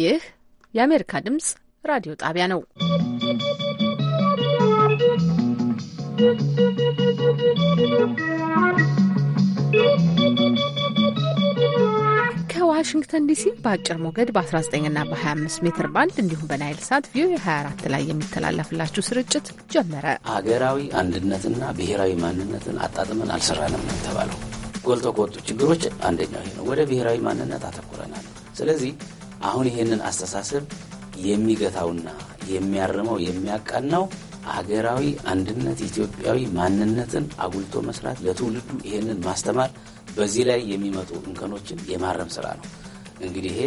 ይህ የአሜሪካ ድምጽ ራዲዮ ጣቢያ ነው። ከዋሽንግተን ዲሲ በአጭር ሞገድ በ19ና በ25 ሜትር ባንድ እንዲሁም በናይል ሳት ቪኦኤ 24 ላይ የሚተላለፍላችሁ ስርጭት ጀመረ። ሀገራዊ አንድነትና ብሔራዊ ማንነትን አጣጥመን አልሰራንም ነው የተባለው። ጎልቶ ከወጡ ችግሮች አንደኛው ነው። ወደ ብሔራዊ ማንነት አተኩረናል። ስለዚህ አሁን ይህንን አስተሳሰብ የሚገታውና የሚያርመው የሚያቃናው ሀገራዊ አንድነት ኢትዮጵያዊ ማንነትን አጉልቶ መስራት፣ ለትውልዱ ይህንን ማስተማር፣ በዚህ ላይ የሚመጡ እንከኖችን የማረም ስራ ነው። እንግዲህ ይሄ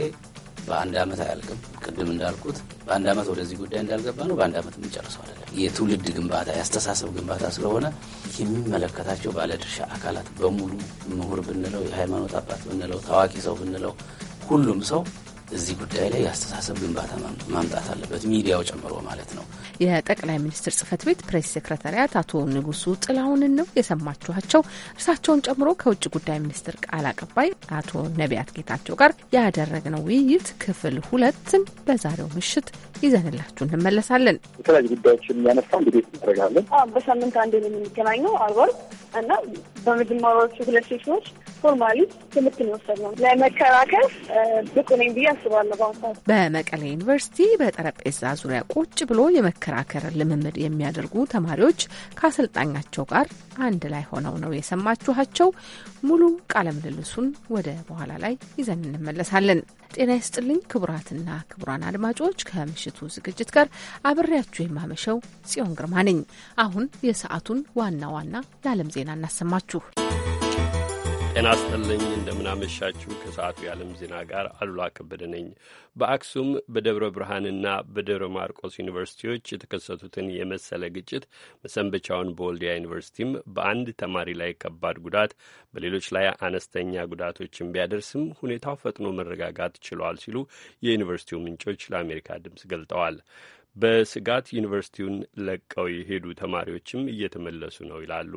በአንድ ዓመት አያልቅም። ቅድም እንዳልኩት በአንድ ዓመት ወደዚህ ጉዳይ እንዳልገባ ነው በአንድ ዓመት የምንጨርሰው አይደለም። የትውልድ ግንባታ የአስተሳሰብ ግንባታ ስለሆነ የሚመለከታቸው ባለድርሻ አካላት በሙሉ ምሁር ብንለው፣ የሃይማኖት አባት ብንለው፣ ታዋቂ ሰው ብንለው፣ ሁሉም ሰው እዚህ ጉዳይ ላይ የአስተሳሰብ ግንባታ ማምጣት አለበት፣ ሚዲያው ጨምሮ ማለት ነው። የጠቅላይ ሚኒስትር ጽህፈት ቤት ፕሬስ ሴክረታሪያት አቶ ንጉሱ ጥላሁንን ነው የሰማችኋቸው። እርሳቸውን ጨምሮ ከውጭ ጉዳይ ሚኒስትር ቃል አቀባይ አቶ ነቢያት ጌታቸው ጋር ያደረግነው ውይይት ክፍል ሁለትን በዛሬው ምሽት ይዘንላችሁ እንመለሳለን። የተለያዩ ጉዳዮችን የሚያነሳ እንግዲህ ያደረጋለን በሳምንት አንድ ነው የምንገናኘው እና በመጀመሪያዎቹ ሁለት ሴሽኖች ፎርማሊ ትምህርት እንወሰድ ነው። ለመከራከር ብቁ ነኝ ብዬ አስባለሁ። በአሁኑ ሰዓት በመቀሌ ዩኒቨርሲቲ በጠረጴዛ ዙሪያ ቁጭ ብሎ የመከራከር ልምምድ የሚያደርጉ ተማሪዎች ከአሰልጣኛቸው ጋር አንድ ላይ ሆነው ነው የሰማችኋቸው። ሙሉ ቃለምልልሱን ወደ በኋላ ላይ ይዘን እንመለሳለን። ጤና ይስጥልኝ ክቡራትና ክቡራን አድማጮች ከምሽቱ ዝግጅት ጋር አብሬያችሁ የማመሸው ጽዮን ግርማ ነኝ። አሁን የሰዓቱን ዋና ዋና የዓለም ዜና እናሰማችሁ። ጤና ይስጥልኝ። እንደምናመሻችሁ ከሰዓቱ የዓለም ዜና ጋር አሉላ ከበደ ነኝ። በአክሱም በደብረ ብርሃንና በደብረ ማርቆስ ዩኒቨርሲቲዎች የተከሰቱትን የመሰለ ግጭት መሰንበቻውን በወልዲያ ዩኒቨርሲቲም በአንድ ተማሪ ላይ ከባድ ጉዳት በሌሎች ላይ አነስተኛ ጉዳቶችን ቢያደርስም ሁኔታው ፈጥኖ መረጋጋት ችሏል ሲሉ የዩኒቨርሲቲው ምንጮች ለአሜሪካ ድምፅ ገልጠዋል። በስጋት ዩኒቨርሲቲውን ለቀው የሄዱ ተማሪዎችም እየተመለሱ ነው ይላሉ።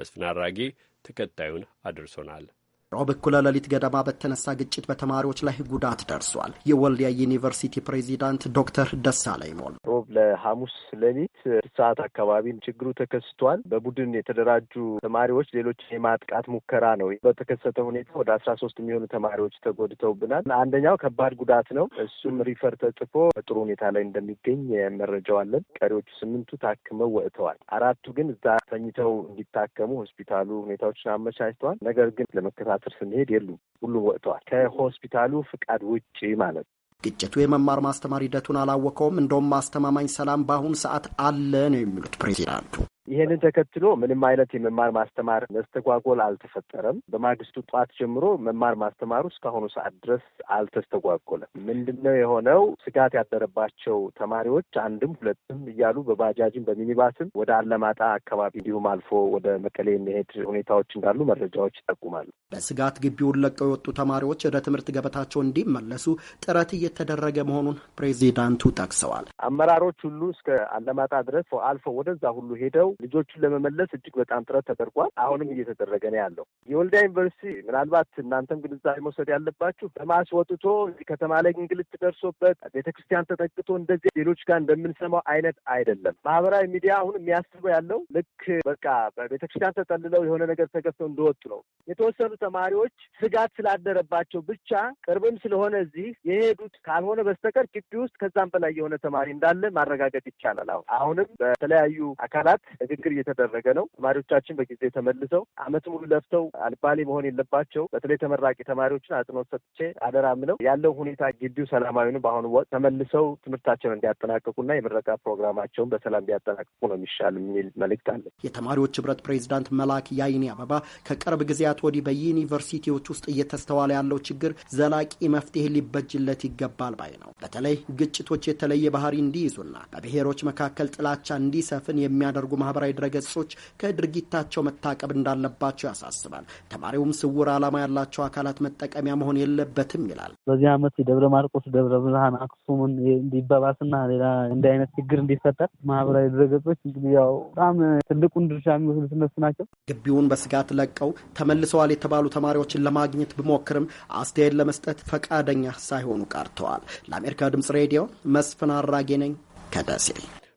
መስፍን አራጌ ተከታዩን አድርሶናል። ሮብ እኩለ ሌሊት ገደማ በተነሳ ግጭት በተማሪዎች ላይ ጉዳት ደርሷል። የወልዲያ ዩኒቨርሲቲ ፕሬዚዳንት ዶክተር ደሳለኝ ሞል ሮብ ለሐሙስ ሌሊት ሰዓት አካባቢም ችግሩ ተከስቷል። በቡድን የተደራጁ ተማሪዎች ሌሎች የማጥቃት ሙከራ ነው በተከሰተ ሁኔታ ወደ አስራ ሶስት የሚሆኑ ተማሪዎች ተጎድተውብናል። አንደኛው ከባድ ጉዳት ነው። እሱም ሪፈር ተጽፎ ጥሩ ሁኔታ ላይ እንደሚገኝ መረጃዋለን። ቀሪዎቹ ስምንቱ ታክመው ወጥተዋል። አራቱ ግን እዛ ተኝተው እንዲታከሙ ሆስፒታሉ ሁኔታዎችን አመቻችተዋል። ነገር ግን ለመከታ ቲያትር ስንሄድ የሉም፣ ሁሉም ወጥተዋል። ከሆስፒታሉ ፍቃድ ውጭ ማለት ነው። ግጭቱ የመማር ማስተማር ሂደቱን አላወቀውም። እንደውም ማስተማማኝ ሰላም በአሁኑ ሰዓት አለ ነው የሚሉት ፕሬዚዳንቱ። ይሄንን ተከትሎ ምንም አይነት የመማር ማስተማር መስተጓጎል አልተፈጠረም። በማግስቱ ጠዋት ጀምሮ መማር ማስተማሩ እስካሁኑ ሰዓት ድረስ አልተስተጓጎለም። ምንድነው የሆነው? ስጋት ያደረባቸው ተማሪዎች አንድም ሁለትም እያሉ በባጃጅም በሚኒባስም ወደ አለማጣ አካባቢ እንዲሁም አልፎ ወደ መቀሌ የሚሄድ ሁኔታዎች እንዳሉ መረጃዎች ይጠቁማሉ። በስጋት ግቢውን ለቀው የወጡ ተማሪዎች ወደ ትምህርት ገበታቸው እንዲመለሱ ጥረት እየተደረገ መሆኑን ፕሬዚዳንቱ ጠቅሰዋል። አመራሮች ሁሉ እስከ አለማጣ ድረስ አልፎ ወደዛ ሁሉ ሄደው ልጆቹን ለመመለስ እጅግ በጣም ጥረት ተደርጓል። አሁንም እየተደረገ ነው ያለው። የወልዲያ ዩኒቨርሲቲ ምናልባት እናንተም ግንዛቤ መውሰድ ያለባችሁ በማስ ወጥቶ ከተማ ላይ እንግልት ደርሶበት ቤተክርስቲያን ተጠቅቶ እንደዚህ ሌሎች ጋር እንደምንሰማው አይነት አይደለም። ማህበራዊ ሚዲያ አሁን የሚያስበው ያለው ልክ በቃ በቤተክርስቲያን ተጠልለው የሆነ ነገር ተገፍተው እንደወጡ ነው። የተወሰኑ ተማሪዎች ስጋት ስላደረባቸው ብቻ ቅርብም ስለሆነ እዚህ የሄዱት ካልሆነ በስተቀር ግቢ ውስጥ ከዛም በላይ የሆነ ተማሪ እንዳለ ማረጋገጥ ይቻላል። አሁን አሁንም በተለያዩ አካላት ንግግር እየተደረገ ነው። ተማሪዎቻችን በጊዜ ተመልሰው አመት ሙሉ ለፍተው አልባሌ መሆን የለባቸው። በተለይ ተመራቂ ተማሪዎችን አጽንኦት ሰጥቼ አደራም ነው ያለው ሁኔታ ግቢው ሰላማዊ ነው። በአሁኑ ወቅት ተመልሰው ትምህርታቸውን እንዲያጠናቀቁና የምረቃ ፕሮግራማቸውን በሰላም እንዲያጠናቅቁ ነው የሚሻል የሚል መልእክት አለ። የተማሪዎች ህብረት ፕሬዚዳንት መላክ ያይኒ አበባ ከቅርብ ጊዜያት ወዲህ በዩኒቨርሲቲዎች ውስጥ እየተስተዋለ ያለው ችግር ዘላቂ መፍትሄ ሊበጅለት ይገባል ባይ ነው። በተለይ ግጭቶች የተለየ ባህሪ እንዲይዙና በብሔሮች መካከል ጥላቻ እንዲሰፍን የሚያደርጉ ማህበ ማህበራዊ ድረገጾች ከድርጊታቸው መታቀብ እንዳለባቸው ያሳስባል። ተማሪውም ስውር ዓላማ ያላቸው አካላት መጠቀሚያ መሆን የለበትም ይላል። በዚህ ዓመት ደብረ ማርቆስ፣ ደብረ ብርሃን፣ አክሱምን እንዲባባስና ሌላ እንዲህ አይነት ችግር እንዲፈጠር ማህበራዊ ድረገጾች እንግዲህ ያው በጣም ትልቁን ድርሻ የሚወስዱት እነሱ ናቸው። ግቢውን በስጋት ለቀው ተመልሰዋል የተባሉ ተማሪዎችን ለማግኘት ብሞክርም አስተያየት ለመስጠት ፈቃደኛ ሳይሆኑ ቀርተዋል። ለአሜሪካ ድምጽ ሬዲዮ መስፍን አራጌ ነኝ ከደሴ።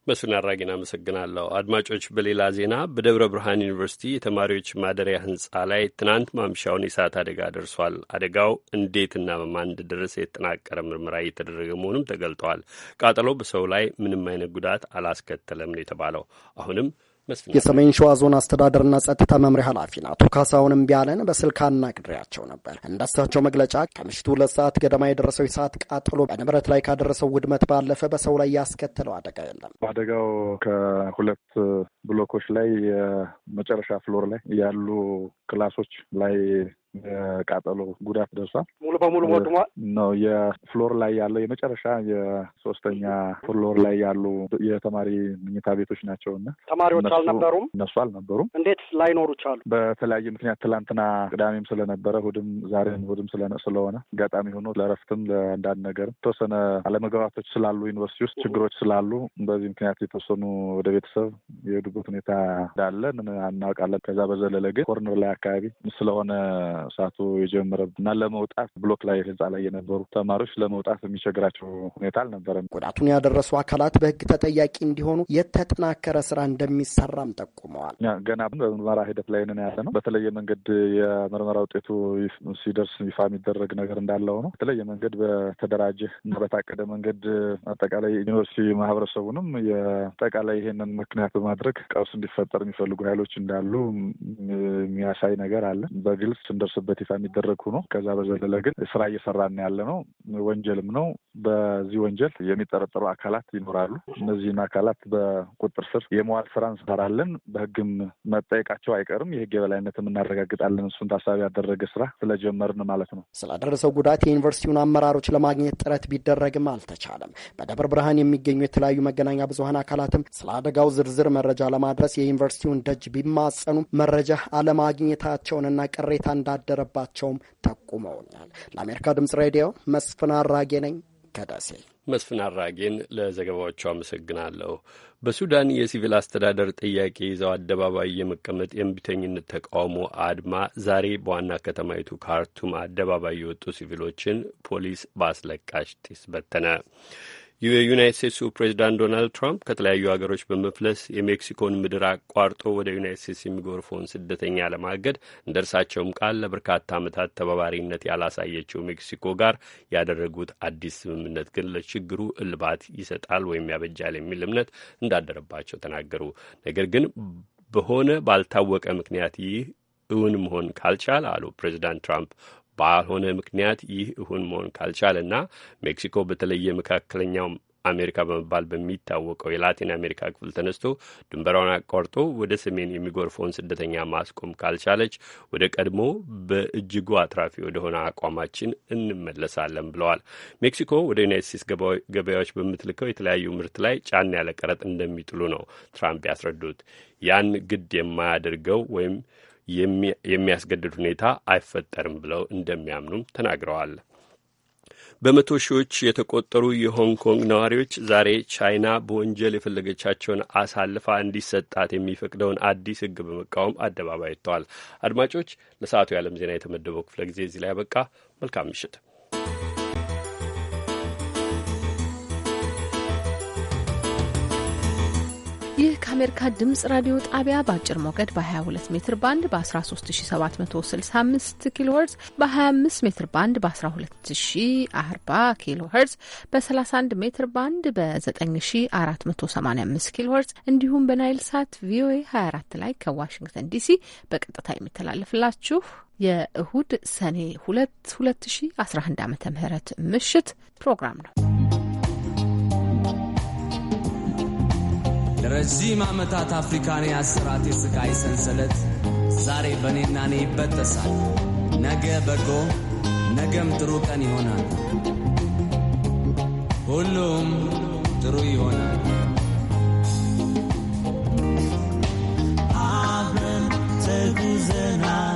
መስፍን አራጌን አመሰግናለሁ። አድማጮች፣ በሌላ ዜና በደብረ ብርሃን ዩኒቨርሲቲ የተማሪዎች ማደሪያ ህንፃ ላይ ትናንት ማምሻውን የእሳት አደጋ ደርሷል። አደጋው እንዴትና በማን እንደደረሰ የተጠናቀረ ምርመራ እየተደረገ መሆኑም ተገልጠዋል። ቃጠሎ በሰው ላይ ምንም አይነት ጉዳት አላስከተለም ነው የተባለው። አሁንም የሰሜን ሸዋ ዞን አስተዳደርና ጸጥታ መምሪያ ኃላፊ አቶ ካሳሁንም ቢያለን በስልክ አናግሬያቸው ነበር። እንደሳቸው መግለጫ ከምሽቱ ሁለት ሰዓት ገደማ የደረሰው የሰዓት ቃጠሎ በንብረት ላይ ካደረሰው ውድመት ባለፈ በሰው ላይ ያስከተለው አደጋ የለም። አደጋው ከሁለት ብሎኮች ላይ የመጨረሻ ፍሎር ላይ ያሉ ክላሶች ላይ የቃጠሎ ጉዳት ደርሷል። ሙሉ በሙሉ ወድሟል ነው። የፍሎር ላይ ያለው የመጨረሻ የሶስተኛ ፍሎር ላይ ያሉ የተማሪ መኝታ ቤቶች ናቸው እና ተማሪዎች አልነበሩም። እነሱ አልነበሩም። እንዴት ላይኖሩ ቻሉ? በተለያየ ምክንያት ትላንትና ቅዳሜም ስለነበረ እሑድም ዛሬም እሑድም ስለሆነ አጋጣሚ ሆኖ ለእረፍትም ለአንዳንድ ነገርም የተወሰነ አለመግባባቶች ስላሉ ዩኒቨርሲቲ ውስጥ ችግሮች ስላሉ በዚህ ምክንያት የተወሰኑ ወደ ቤተሰብ የሄዱበት ሁኔታ እንዳለን እናውቃለን። ከዛ በዘለለ ግን ኮርነር ላይ አካባቢ ስለሆነ እሳቱ የጀመረ እና ለመውጣት ብሎክ ላይ ህንፃ ላይ የነበሩ ተማሪዎች ለመውጣት የሚቸግራቸው ሁኔታ አልነበረም። ጉዳቱን ያደረሱ አካላት በህግ ተጠያቂ እንዲሆኑ የተጠናከረ ስራ እንደሚሰራም ጠቁመዋል። ገና በምርመራ ሂደት ላይ ነን ያለ ነው። በተለየ መንገድ የምርመራ ውጤቱ ሲደርስ ይፋ የሚደረግ ነገር እንዳለ ነው። በተለየ መንገድ በተደራጀ እና በታቀደ መንገድ አጠቃላይ ዩኒቨርሲቲ ማህበረሰቡንም የአጠቃላይ ይሄንን ምክንያት በማድረግ ቀውስ እንዲፈጠር የሚፈልጉ ኃይሎች እንዳሉ የሚያሳይ ነገር አለ። በግልጽ እንደ እንደሚደርስበት ይፋ የሚደረግ ሆኖ ከዛ በዘለለ ግን ስራ እየሰራን ያለ ነው። ወንጀልም ነው። በዚህ ወንጀል የሚጠረጠሩ አካላት ይኖራሉ። እነዚህን አካላት በቁጥር ስር የመዋል ስራ እንሰራለን። በህግም መጠየቃቸው አይቀርም። የህግ የበላይነትም እናረጋግጣለን። እሱን ታሳቢ ያደረገ ስራ ስለጀመርን ማለት ነው። ስላደረሰው ጉዳት የዩኒቨርሲቲውን አመራሮች ለማግኘት ጥረት ቢደረግም አልተቻለም። በደብረ ብርሃን የሚገኙ የተለያዩ መገናኛ ብዙሀን አካላትም ስለ አደጋው ዝርዝር መረጃ ለማድረስ የዩኒቨርሲቲውን ደጅ ቢማጸኑ መረጃ አለማግኘታቸውንና ቅሬታ እንዳ እንዳደረባቸውም ጠቁመውኛል። ለአሜሪካ ድምጽ ሬዲዮ መስፍን አራጌ ነኝ ከደሴ። መስፍን አራጌን ለዘገባዎቹ አመሰግናለሁ። በሱዳን የሲቪል አስተዳደር ጥያቄ ይዘው አደባባይ የመቀመጥ የእምቢተኝነት ተቃውሞ አድማ ዛሬ በዋና ከተማይቱ ካርቱም አደባባይ የወጡ ሲቪሎችን ፖሊስ በአስለቃሽ ጢስ በተነ። የዩናይት ስቴትሱ ፕሬዚዳንት ዶናልድ ትራምፕ ከተለያዩ ሀገሮች በመፍለስ የሜክሲኮን ምድር አቋርጦ ወደ ዩናይት ስቴትስ የሚጎርፈውን ስደተኛ ለማገድ እንደ እርሳቸውም ቃል ለበርካታ ዓመታት ተባባሪነት ያላሳየችው ሜክሲኮ ጋር ያደረጉት አዲስ ስምምነት ግን ለችግሩ እልባት ይሰጣል ወይም ያበጃል የሚል እምነት እንዳደረባቸው ተናገሩ። ነገር ግን በሆነ ባልታወቀ ምክንያት ይህ እውን መሆን ካልቻል አሉ ፕሬዚዳንት ትራምፕ ባልሆነ ምክንያት ይህ እሁን መሆን ካልቻለና ሜክሲኮ በተለየ መካከለኛው አሜሪካ በመባል በሚታወቀው የላቲን አሜሪካ ክፍል ተነስቶ ድንበራውን አቋርጦ ወደ ሰሜን የሚጎርፈውን ስደተኛ ማስቆም ካልቻለች ወደ ቀድሞ በእጅጉ አትራፊ ወደሆነ አቋማችን እንመለሳለን ብለዋል። ሜክሲኮ ወደ ዩናይት ስቴትስ ገበያዎች በምትልከው የተለያዩ ምርት ላይ ጫና ያለ ቀረጥ እንደሚጥሉ ነው ትራምፕ ያስረዱት። ያን ግድ የማያደርገው ወይም የሚያስገድድ ሁኔታ አይፈጠርም ብለው እንደሚያምኑም ተናግረዋል። በመቶ ሺዎች የተቆጠሩ የሆንግ ኮንግ ነዋሪዎች ዛሬ ቻይና በወንጀል የፈለገቻቸውን አሳልፋ እንዲሰጣት የሚፈቅደውን አዲስ ሕግ በመቃወም አደባባይ ወጥተዋል። አድማጮች፣ ለሰዓቱ የዓለም ዜና የተመደበው ክፍለ ጊዜ እዚህ ላይ ያበቃ። መልካም ምሽት። የአሜሪካ ድምፅ ራዲዮ ጣቢያ በአጭር ሞገድ በ22 ሜትር ባንድ በ13765 ኪሎ ሄርዝ በ25 ሜትር ባንድ በ1240 ኪሎ ሄርዝ በ31 ሜትር ባንድ በ9485 ኪሎ ሄርዝ እንዲሁም በናይል ሳት ቪኦኤ 24 ላይ ከዋሽንግተን ዲሲ በቀጥታ የሚተላለፍላችሁ የእሁድ ሰኔ 2 2011 ዓ ም ምሽት ፕሮግራም ነው። ለረዥም ዓመታት አፍሪካን አሰራት የሥቃይ ሰንሰለት ዛሬ በእኔና እኔ ይበጠሳል። ነገ በጎ ነገም ጥሩ ቀን ይሆናል። ሁሉም ጥሩ ይሆናል። አብረን ተጉዘናል።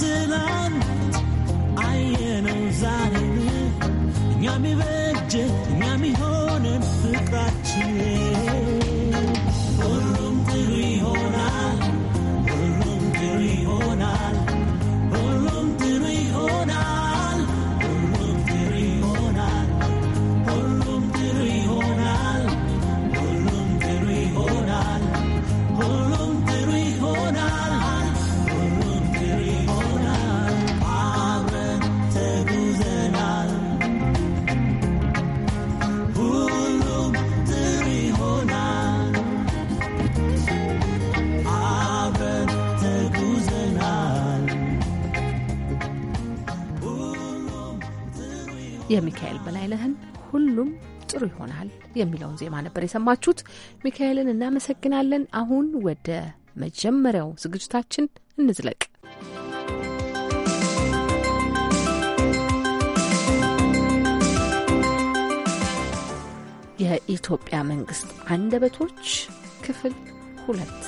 ትላንት አየነው ዛሬን እኛም ይበጀ እኛም ይሆነን ፍቅራችን ሚካኤል በላይነህን ሁሉም ጥሩ ይሆናል የሚለውን ዜማ ነበር የሰማችሁት። ሚካኤልን እናመሰግናለን። አሁን ወደ መጀመሪያው ዝግጅታችን እንዝለቅ። የኢትዮጵያ መንግስት አንደበቶች ክፍል ሁለት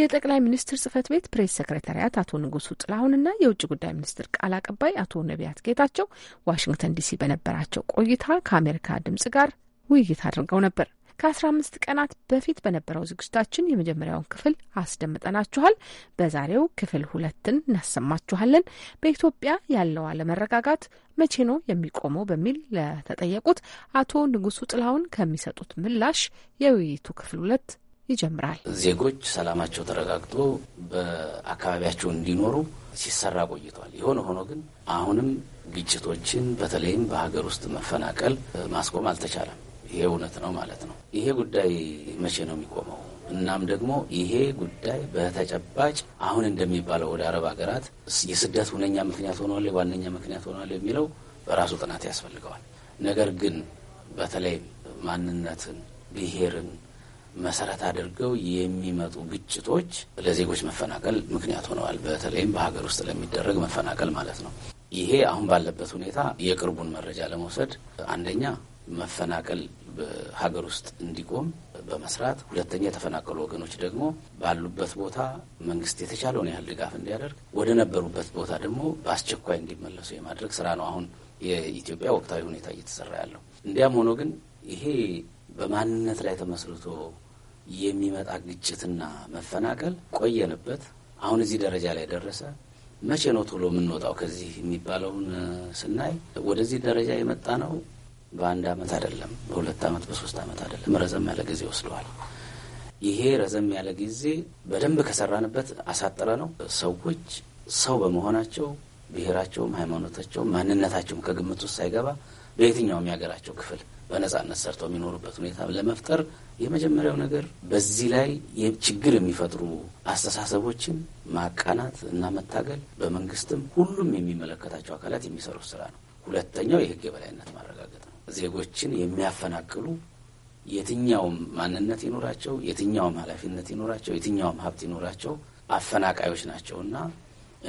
የጠቅላይ ሚኒስትር ጽህፈት ቤት ፕሬስ ሰክሬታሪያት አቶ ንጉሱ ጥላሁንና የውጭ ጉዳይ ሚኒስትር ቃል አቀባይ አቶ ነቢያት ጌታቸው ዋሽንግተን ዲሲ በነበራቸው ቆይታ ከአሜሪካ ድምጽ ጋር ውይይት አድርገው ነበር። ከአስራ አምስት ቀናት በፊት በነበረው ዝግጅታችን የመጀመሪያውን ክፍል አስደምጠናችኋል። በዛሬው ክፍል ሁለትን እናሰማችኋለን። በኢትዮጵያ ያለው አለመረጋጋት መቼ ነው የሚቆመው? በሚል ለተጠየቁት አቶ ንጉሱ ጥላሁን ከሚሰጡት ምላሽ የውይይቱ ክፍል ሁለት ይጀምራል። ዜጎች ሰላማቸው ተረጋግጦ በአካባቢያቸው እንዲኖሩ ሲሰራ ቆይቷል። የሆነ ሆኖ ግን አሁንም ግጭቶችን በተለይም በሀገር ውስጥ መፈናቀል ማስቆም አልተቻለም። ይሄ እውነት ነው ማለት ነው። ይሄ ጉዳይ መቼ ነው የሚቆመው? እናም ደግሞ ይሄ ጉዳይ በተጨባጭ አሁን እንደሚባለው ወደ አረብ ሀገራት የስደት ሁነኛ ምክንያት ሆኗል፣ ዋነኛ ምክንያት ሆኗል የሚለው በራሱ ጥናት ያስፈልገዋል። ነገር ግን በተለይም ማንነትን፣ ብሔርን መሰረት አድርገው የሚመጡ ግጭቶች ለዜጎች መፈናቀል ምክንያት ሆነዋል። በተለይም በሀገር ውስጥ ለሚደረግ መፈናቀል ማለት ነው። ይሄ አሁን ባለበት ሁኔታ የቅርቡን መረጃ ለመውሰድ አንደኛ መፈናቀል በሀገር ውስጥ እንዲቆም በመስራት ሁለተኛ የተፈናቀሉ ወገኖች ደግሞ ባሉበት ቦታ መንግስት የተቻለውን ያህል ድጋፍ እንዲያደርግ ወደ ነበሩበት ቦታ ደግሞ በአስቸኳይ እንዲመለሱ የማድረግ ስራ ነው አሁን የኢትዮጵያ ወቅታዊ ሁኔታ እየተሰራ ያለው። እንዲያም ሆኖ ግን ይሄ በማንነት ላይ ተመስርቶ የሚመጣ ግጭትና መፈናቀል ቆየንበት። አሁን እዚህ ደረጃ ላይ ደረሰ። መቼ ነው ቶሎ የምንወጣው ከዚህ የሚባለውን ስናይ ወደዚህ ደረጃ የመጣ ነው በአንድ ዓመት አይደለም፣ በሁለት ዓመት በሶስት ዓመት አይደለም። ረዘም ያለ ጊዜ ወስደዋል። ይሄ ረዘም ያለ ጊዜ በደንብ ከሰራንበት አሳጥረ ነው። ሰዎች ሰው በመሆናቸው ብሔራቸውም፣ ሃይማኖታቸውም፣ ማንነታቸውም ከግምት ውስጥ ሳይገባ በየትኛውም የሀገራቸው ክፍል በነጻነት ሰርተው የሚኖሩበት ሁኔታ ለመፍጠር የመጀመሪያው ነገር በዚህ ላይ ችግር የሚፈጥሩ አስተሳሰቦችን ማቃናት እና መታገል በመንግስትም ሁሉም የሚመለከታቸው አካላት የሚሰሩት ስራ ነው። ሁለተኛው የህግ የበላይነት ማረጋገጥ ነው። ዜጎችን የሚያፈናቅሉ የትኛውም ማንነት ይኖራቸው፣ የትኛውም ኃላፊነት ይኖራቸው፣ የትኛውም ሀብት ይኖራቸው አፈናቃዮች ናቸውና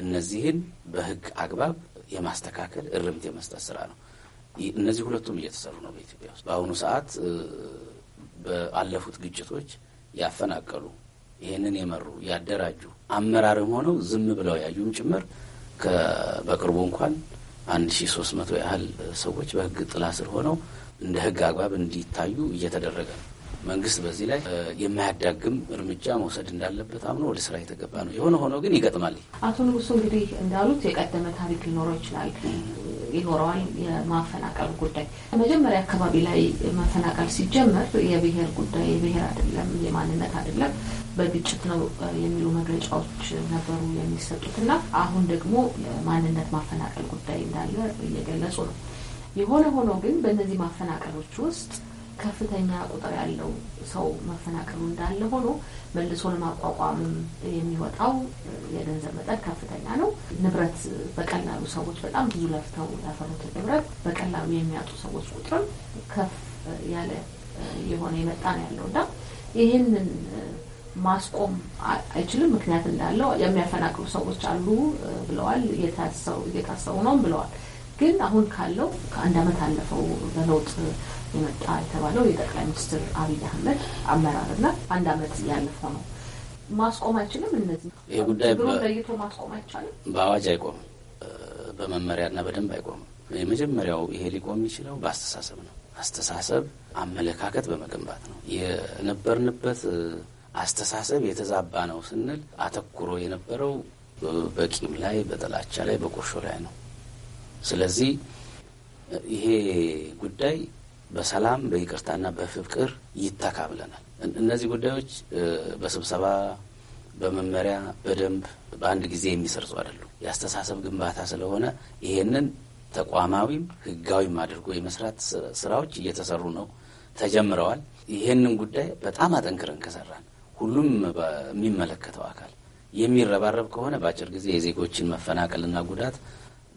እነዚህን በህግ አግባብ የማስተካከል እርምት የመስጠት ስራ ነው። እነዚህ ሁለቱም እየተሰሩ ነው በኢትዮጵያ ውስጥ በአሁኑ ሰዓት በአለፉት ግጭቶች ያፈናቀሉ ይህንን የመሩ ያደራጁ አመራርም ሆነው ዝም ብለው ያዩም ጭምር በቅርቡ እንኳን አንድ ሺ ሶስት መቶ ያህል ሰዎች በህግ ጥላ ስር ሆነው እንደ ህግ አግባብ እንዲታዩ እየተደረገ ነው። መንግስት በዚህ ላይ የማያዳግም እርምጃ መውሰድ እንዳለበት አምኖ ወደ ስራ የተገባ ነው። የሆነ ሆኖ ግን ይገጥማል። አቶ ንጉሱ እንግዲህ እንዳሉት የቀደመ ታሪክ ሊኖረው ይችላል ይኖረዋል። የማፈናቀል ጉዳይ መጀመሪያ አካባቢ ላይ ማፈናቀል ሲጀመር የብሄር ጉዳይ የብሔር አይደለም፣ የማንነት አይደለም፣ በግጭት ነው የሚሉ መግለጫዎች ነበሩ የሚሰጡት ና አሁን ደግሞ የማንነት ማፈናቀል ጉዳይ እንዳለ እየገለጹ ነው። የሆነ ሆኖ ግን በእነዚህ ማፈናቀሎች ውስጥ ከፍተኛ ቁጥር ያለው ሰው መፈናቀሉ እንዳለ ሆኖ መልሶ ለማቋቋምም የሚወጣው የገንዘብ መጠን ከፍተኛ ነው። ንብረት በቀላሉ ሰዎች በጣም ብዙ ለፍተው ያፈሩትን ንብረት በቀላሉ የሚያጡ ሰዎች ቁጥርም ከፍ ያለ የሆነ የመጣ ነው ያለው እና ይህንን ማስቆም አይችልም። ምክንያት እንዳለው የሚያፈናቅሉ ሰዎች አሉ ብለዋል፣ እየታሰቡ ነውም ብለዋል። ግን አሁን ካለው ከአንድ አመት አለፈው በለውጥ የመጣ የተባለው የጠቅላይ ሚኒስትር አብይ አህመድ አመራርና አንድ አመት ያለፈው ነው። ማስቆም አይችልም። እነዚህ ይህ ጉዳይ ለይቶ ማስቆም አይቻልም። በአዋጅ አይቆምም፣ በመመሪያና በደንብ አይቆምም። የመጀመሪያው ይሄ ሊቆም የሚችለው በአስተሳሰብ ነው። አስተሳሰብ አመለካከት በመገንባት ነው። የነበርንበት አስተሳሰብ የተዛባ ነው ስንል አተኩሮ የነበረው በቂም ላይ፣ በጥላቻ ላይ፣ በቁርሾ ላይ ነው። ስለዚህ ይሄ ጉዳይ በሰላም በይቅርታና በፍቅር ይተካ ብለናል። እነዚህ ጉዳዮች በስብሰባ በመመሪያ በደንብ በአንድ ጊዜ የሚሰርጹ አይደሉም። የአስተሳሰብ ግንባታ ስለሆነ ይሄንን ተቋማዊም ህጋዊም አድርጎ የመስራት ስራዎች እየተሰሩ ነው፣ ተጀምረዋል። ይሄንን ጉዳይ በጣም አጠንክረን ከሰራን ሁሉም የሚመለከተው አካል የሚረባረብ ከሆነ በአጭር ጊዜ የዜጎችን መፈናቀልና ጉዳት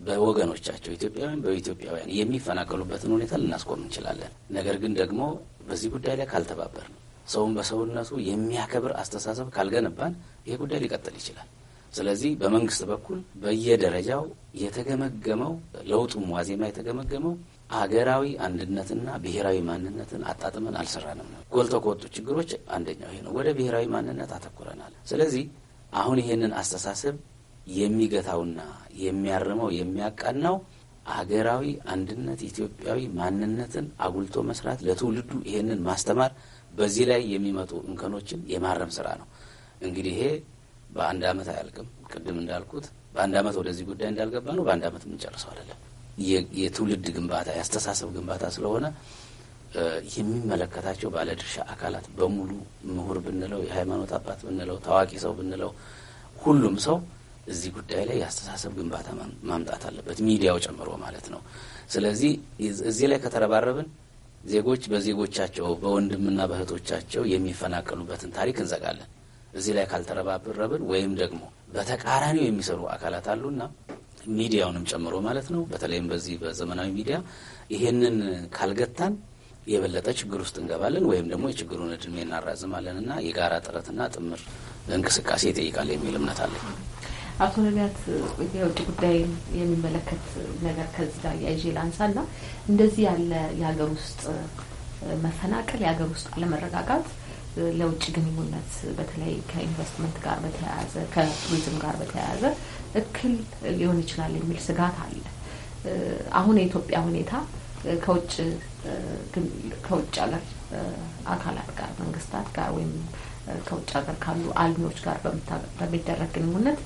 በወገኖቻቸው ኢትዮጵያውያን በኢትዮጵያውያን የሚፈናቀሉበትን ሁኔታ ልናስቆም እንችላለን። ነገር ግን ደግሞ በዚህ ጉዳይ ላይ ካልተባበርን፣ ሰውን በሰውነቱ የሚያከብር አስተሳሰብ ካልገነባን ይህ ጉዳይ ሊቀጥል ይችላል። ስለዚህ በመንግስት በኩል በየደረጃው የተገመገመው ለውጡም ዋዜማ የተገመገመው አገራዊ አንድነትና ብሔራዊ ማንነትን አጣጥመን አልሰራንም ነው። ጎልተው ከወጡ ችግሮች አንደኛው ይሄ ነው። ወደ ብሔራዊ ማንነት አተኩረናል። ስለዚህ አሁን ይሄንን አስተሳሰብ የሚገታውና የሚያርመው የሚያቃናው ሀገራዊ አንድነት ኢትዮጵያዊ ማንነትን አጉልቶ መስራት፣ ለትውልዱ ይሄንን ማስተማር፣ በዚህ ላይ የሚመጡ እንከኖችን የማረም ስራ ነው። እንግዲህ ይሄ በአንድ አመት አያልቅም። ቅድም እንዳልኩት በአንድ አመት ወደዚህ ጉዳይ እንዳልገባ ነው በአንድ ዓመት የምንጨርሰው አይደለም። የትውልድ ግንባታ ያስተሳሰብ ግንባታ ስለሆነ የሚመለከታቸው ባለድርሻ አካላት በሙሉ ምሁር ብንለው፣ የሃይማኖት አባት ብንለው፣ ታዋቂ ሰው ብንለው ሁሉም ሰው እዚህ ጉዳይ ላይ የአስተሳሰብ ግንባታ ማምጣት አለበት፣ ሚዲያው ጨምሮ ማለት ነው። ስለዚህ እዚህ ላይ ከተረባረብን ዜጎች በዜጎቻቸው በወንድምና በእህቶቻቸው የሚፈናቀሉበትን ታሪክ እንዘጋለን። እዚህ ላይ ካልተረባረብን ወይም ደግሞ በተቃራኒው የሚሰሩ አካላት አሉና ሚዲያውንም ጨምሮ ማለት ነው። በተለይም በዚህ በዘመናዊ ሚዲያ ይሄንን ካልገታን የበለጠ ችግር ውስጥ እንገባለን ወይም ደግሞ የችግሩን እድሜ እናራዝማለን እና የጋራ ጥረትና ጥምር እንቅስቃሴ ይጠይቃል የሚል እምነት አለኝ። አቶ ነቢያት የውጭ ጉዳይ የሚመለከት ነገር ከዚህ ጋር ያይዤ ላንሳና እንደዚህ ያለ የሀገር ውስጥ መፈናቀል የሀገር ውስጥ አለመረጋጋት ለውጭ ግንኙነት በተለይ ከኢንቨስትመንት ጋር በተያያዘ ከቱሪዝም ጋር በተያያዘ እክል ሊሆን ይችላል የሚል ስጋት አለ። አሁን የኢትዮጵያ ሁኔታ ከውጭ ከውጭ ሀገር አካላት ጋር መንግስታት ጋር ወይም ከውጭ ሀገር ካሉ አልሚዎች ጋር በሚደረግ ግንኙነት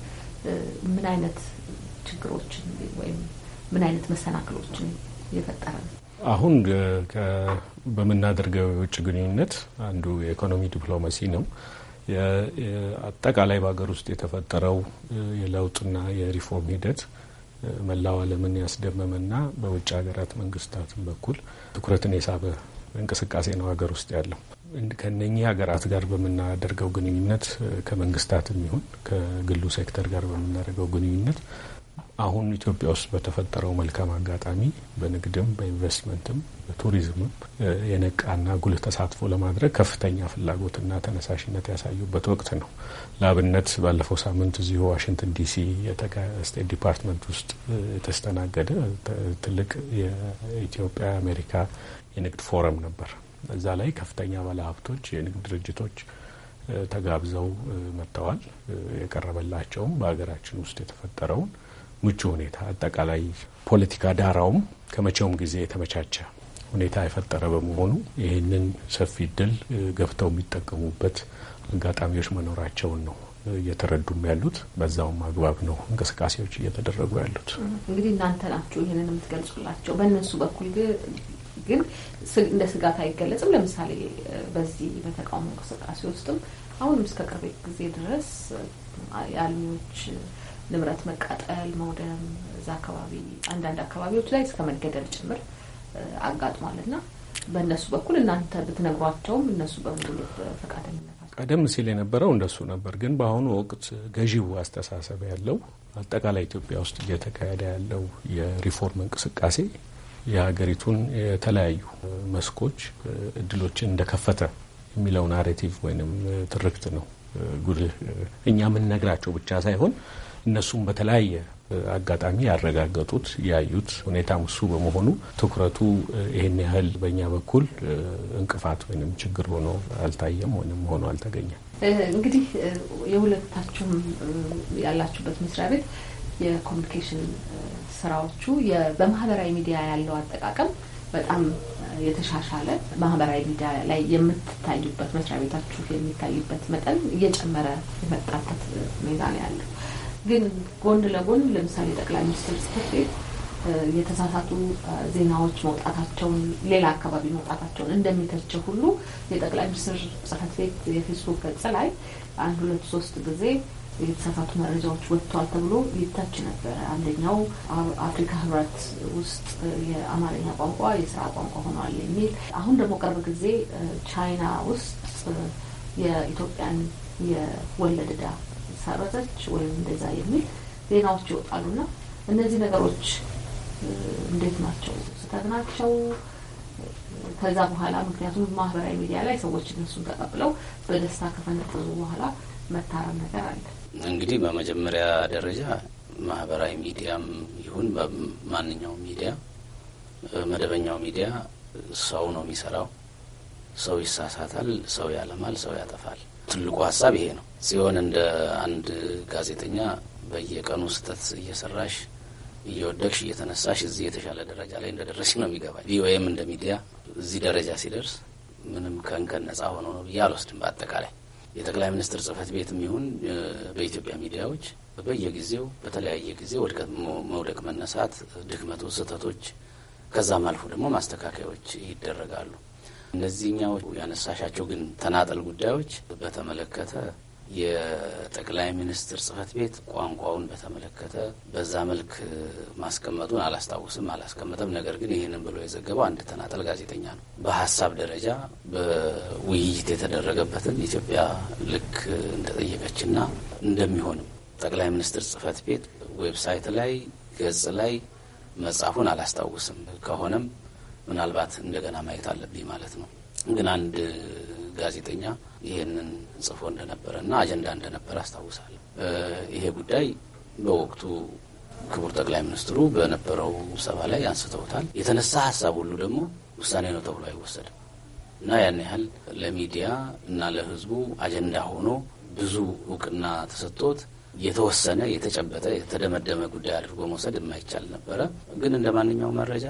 ምን አይነት ችግሮችን ወይም ምን አይነት መሰናክሎችን እየፈጠረ ነው? አሁን በምናደርገው የውጭ ግንኙነት አንዱ የኢኮኖሚ ዲፕሎማሲ ነው። አጠቃላይ በሀገር ውስጥ የተፈጠረው የለውጥና የሪፎርም ሂደት መላው ዓለምን ያስደመመና በውጭ ሀገራት መንግስታትም በኩል ትኩረትን የሳበ እንቅስቃሴ ነው ሀገር ውስጥ ያለው። ከነኚህ ሀገራት ጋር በምናደርገው ግንኙነት ከመንግስታት ይሁን ከግሉ ሴክተር ጋር በምናደርገው ግንኙነት አሁን ኢትዮጵያ ውስጥ በተፈጠረው መልካም አጋጣሚ በንግድም በኢንቨስትመንትም በቱሪዝምም የነቃና ጉልህ ተሳትፎ ለማድረግ ከፍተኛ ፍላጎትና ተነሳሽነት ያሳዩበት ወቅት ነው። ለአብነት ባለፈው ሳምንት እዚሁ ዋሽንግተን ዲሲ ስቴት ዲፓርትመንት ውስጥ የተስተናገደ ትልቅ የኢትዮጵያ አሜሪካ የንግድ ፎረም ነበር። እዛ ላይ ከፍተኛ ባለሀብቶች፣ የንግድ ድርጅቶች ተጋብዘው መጥተዋል። የቀረበላቸውም በሀገራችን ውስጥ የተፈጠረውን ምቹ ሁኔታ አጠቃላይ ፖለቲካ ዳራውም ከመቼውም ጊዜ የተመቻቸ ሁኔታ የፈጠረ በመሆኑ ይህንን ሰፊ እድል ገብተው የሚጠቀሙበት አጋጣሚዎች መኖራቸውን ነው እየተረዱም ያሉት። በዛውም አግባብ ነው እንቅስቃሴዎች እየተደረጉ ያሉት። እንግዲህ እናንተ ናችሁ ይህንን የምትገልጹላቸው። በእነሱ በኩል ግን እንደ ስጋት አይገለጽም። ለምሳሌ በዚህ በተቃውሞ እንቅስቃሴ ውስጥም አሁንም እስከ ቅርብ ጊዜ ድረስ የአልሚዎች ንብረት መቃጠል፣ መውደም እዛ አካባቢ አንዳንድ አካባቢዎች ላይ እስከ መገደል ጭምር አጋጥሟልና በእነሱ በኩል እናንተ ብትነግሯቸውም እነሱ በሙሉ ፈቃደኝነት ቀደም ሲል የነበረው እንደሱ ነበር። ግን በአሁኑ ወቅት ገዢው አስተሳሰብ ያለው አጠቃላይ ኢትዮጵያ ውስጥ እየተካሄደ ያለው የሪፎርም እንቅስቃሴ የሀገሪቱን የተለያዩ መስኮች እድሎችን እንደከፈተ የሚለው ናሬቲቭ ወይም ትርክት ነው። ጉልህ እኛ የምንነግራቸው ብቻ ሳይሆን እነሱም በተለያየ አጋጣሚ ያረጋገጡት ያዩት ሁኔታም እሱ በመሆኑ ትኩረቱ ይህን ያህል በእኛ በኩል እንቅፋት ወይም ችግር ሆኖ አልታየም ወይም ሆኖ አልተገኘም። እንግዲህ የሁለታችሁም ያላችሁበት መስሪያ ቤት የኮሚኒኬሽን ስራዎቹ በማህበራዊ ሚዲያ ያለው አጠቃቀም በጣም የተሻሻለ ማህበራዊ ሚዲያ ላይ የምትታዩበት መስሪያ ቤታችሁ የሚታዩበት መጠን እየጨመረ የመጣበት ሁኔታ ነው ያለው። ግን ጎን ለጎን ለምሳሌ ጠቅላይ ሚኒስትር ጽሕፈት ቤት የተሳሳቱ ዜናዎች መውጣታቸውን ሌላ አካባቢ መውጣታቸውን እንደሚተቸው ሁሉ የጠቅላይ ሚኒስትር ጽሕፈት ቤት የፌስቡክ ገጽ ላይ አንድ ሁለት ሶስት ጊዜ የተሳሳቱ መረጃዎች ወጥቷል ተብሎ ይታች ነበረ። አንደኛው አፍሪካ ህብረት ውስጥ የአማርኛ ቋንቋ የስራ ቋንቋ ሆኗል የሚል አሁን ደግሞ ቅርብ ጊዜ ቻይና ውስጥ የኢትዮጵያን የወለድ ዕዳ ሰረዘች ወይም እንደዛ የሚል ዜናዎች እና እነዚህ ነገሮች እንዴት ናቸው? ስህተት ናቸው? ከዛ በኋላ ምክንያቱም ማህበራዊ ሚዲያ ላይ ሰዎች እነሱን ተቀብለው በደስታ ከፈነጠዙ በኋላ መታረም ነገር አለ። እንግዲህ በመጀመሪያ ደረጃ ማህበራዊ ሚዲያም ይሁን በማንኛውም ሚዲያ መደበኛው ሚዲያ ሰው ነው የሚሰራው። ሰው ይሳሳታል፣ ሰው ያለማል፣ ሰው ያጠፋል። ትልቁ ሀሳብ ይሄ ነው። ጽዮን እንደ አንድ ጋዜጠኛ በየቀኑ ስህተት እየሰራሽ እየወደቅሽ እየተነሳሽ እዚህ የተሻለ ደረጃ ላይ እንደደረስሽ ነው የሚገባኝ። ቪኦኤም እንደ ሚዲያ እዚህ ደረጃ ሲደርስ ምንም ከንከን ነጻ ሆኖ ነው ብዬ አልወስድም። በአጠቃላይ የጠቅላይ ሚኒስትር ጽህፈት ቤትም ይሁን በኢትዮጵያ ሚዲያዎች በየጊዜው በተለያየ ጊዜ ወድቀት፣ መውደቅ፣ መነሳት፣ ድክመቱ፣ ስህተቶች ከዛም አልፎ ደግሞ ማስተካከያዎች ይደረጋሉ። እነዚህኛው ያነሳሻቸው ግን ተናጠል ጉዳዮች በተመለከተ የጠቅላይ ሚኒስትር ጽህፈት ቤት ቋንቋውን በተመለከተ በዛ መልክ ማስቀመጡን አላስታውስም፣ አላስቀመጠም። ነገር ግን ይህንን ብሎ የዘገበው አንድ ተናጠል ጋዜጠኛ ነው። በሀሳብ ደረጃ በውይይት የተደረገበትን ኢትዮጵያ ልክ እንደጠየቀችና እንደሚሆንም ጠቅላይ ሚኒስትር ጽህፈት ቤት ዌብሳይት ላይ ገጽ ላይ መጻፉን አላስታውስም። ከሆነም ምናልባት እንደገና ማየት አለብኝ ማለት ነው። ግን አንድ ጋዜጠኛ ይህንን ጽፎ እና አጀንዳ እንደነበረ አስታውሳል። ይሄ ጉዳይ በወቅቱ ክቡር ጠቅላይ ሚኒስትሩ በነበረው ስብሰባ ላይ አንስተውታል። የተነሳ ሀሳብ ሁሉ ደግሞ ውሳኔ ነው ተብሎ አይወሰድም እና ያን ያህል ለሚዲያ እና ለሕዝቡ አጀንዳ ሆኖ ብዙ እውቅና ተሰጥቶት የተወሰነ የተጨበጠ የተደመደመ ጉዳይ አድርጎ መውሰድ የማይቻል ነበረ። ግን እንደ ማንኛውም መረጃ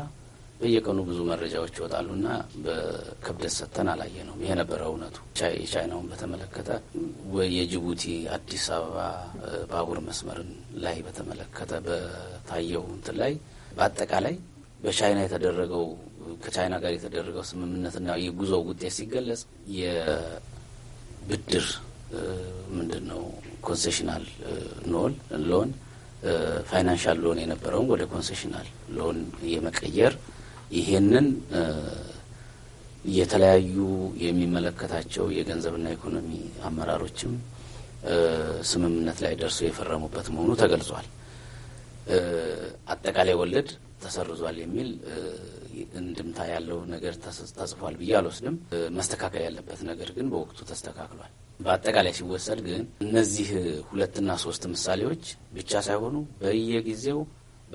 በየቀኑ ብዙ መረጃዎች ይወጣሉና በክብደት ሰጥተን አላየ ነው። ይሄ ነበረ እውነቱ። የቻይናውን በተመለከተ የጅቡቲ አዲስ አበባ ባቡር መስመርን ላይ በተመለከተ በታየው እንትን ላይ በአጠቃላይ በቻይና የተደረገው ከቻይና ጋር የተደረገው ስምምነትና የጉዞ ውጤት ሲገለጽ የብድር ምንድን ነው ኮንሴሽናል ኖል ሎን ፋይናንሻል ሎን የነበረውን ወደ ኮንሴሽናል ሎን የመቀየር ይሄንን የተለያዩ የሚመለከታቸው የገንዘብና ኢኮኖሚ አመራሮችም ስምምነት ላይ ደርሶ የፈረሙበት መሆኑ ተገልጿል። አጠቃላይ ወለድ ተሰርዟል የሚል እንድምታ ያለው ነገር ተጽፏል ብዬ አልወስድም። መስተካከል ያለበት ነገር ግን በወቅቱ ተስተካክሏል። በአጠቃላይ ሲወሰድ ግን እነዚህ ሁለትና ሶስት ምሳሌዎች ብቻ ሳይሆኑ በየጊዜው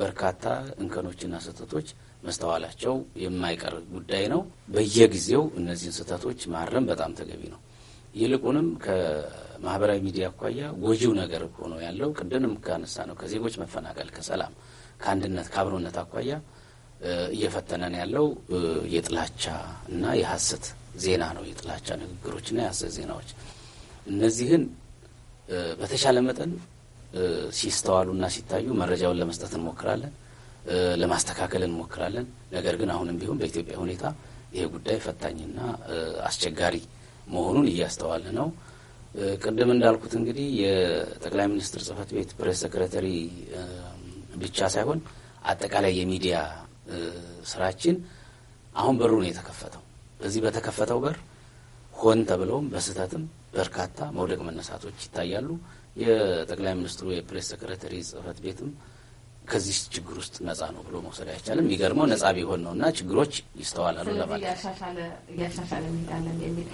በርካታ እንከኖችና ስህተቶች መስተዋላቸው የማይቀር ጉዳይ ነው። በየጊዜው እነዚህን ስህተቶች ማረም በጣም ተገቢ ነው። ይልቁንም ከማህበራዊ ሚዲያ አኳያ ጎጂው ነገር ሆኖ ያለው ቅድንም ካነሳ ነው ከዜጎች መፈናቀል፣ ከሰላም፣ ከአንድነት፣ ከአብሮነት አኳያ እየፈተነን ያለው የጥላቻ እና የሀሰት ዜና ነው። የጥላቻ ንግግሮችና የሀሰት ዜናዎች እነዚህን በተሻለ መጠን ሲስተዋሉና ሲታዩ መረጃውን ለመስጠት እንሞክራለን። ለማስተካከል እንሞክራለን። ነገር ግን አሁንም ቢሆን በኢትዮጵያ ሁኔታ ይሄ ጉዳይ ፈታኝና አስቸጋሪ መሆኑን እያስተዋለ ነው። ቅድም እንዳልኩት እንግዲህ የጠቅላይ ሚኒስትር ጽህፈት ቤት ፕሬስ ሰክረተሪ ብቻ ሳይሆን አጠቃላይ የሚዲያ ስራችን አሁን በሩ ነው የተከፈተው። በዚህ በተከፈተው በር ሆን ተብለውም በስህተትም በርካታ መውደቅ መነሳቶች ይታያሉ። የጠቅላይ ሚኒስትሩ የፕሬስ ሴክሬተሪ ጽህፈት ቤትም ከዚህ ችግር ውስጥ ነጻ ነው ብሎ መውሰድ አይቻልም። የሚገርመው ነጻ ቢሆን ነው እና ችግሮች ይስተዋላሉ ለማለት እያሻሻለ እንሄዳለን የሚል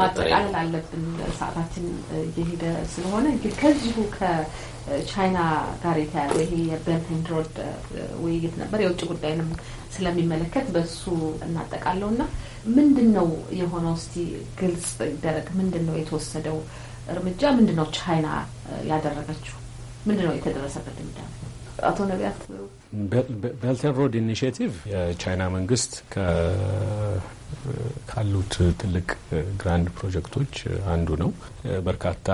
ማጠቃለል አለብን። ሰዓታችን እየሄደ ስለሆነ እንግዲህ ከዚሁ ከቻይና ጋር የተያዘ ይሄ የቤልት ሮድ ውይይት ነበር። የውጭ ጉዳይንም ስለሚመለከት በሱ እናጠቃለው እና ምንድን ነው የሆነው? እስቲ ግልጽ ይደረግ። ምንድን ነው የተወሰደው እርምጃ? ምንድን ነው ቻይና ያደረገችው? ምንድን ነው የተደረሰበት እርምጃ አቶ ነቢያት ቤልተን ሮድ ኢኒሽቲቭ የቻይና መንግስት ካሉት ትልቅ ግራንድ ፕሮጀክቶች አንዱ ነው። በርካታ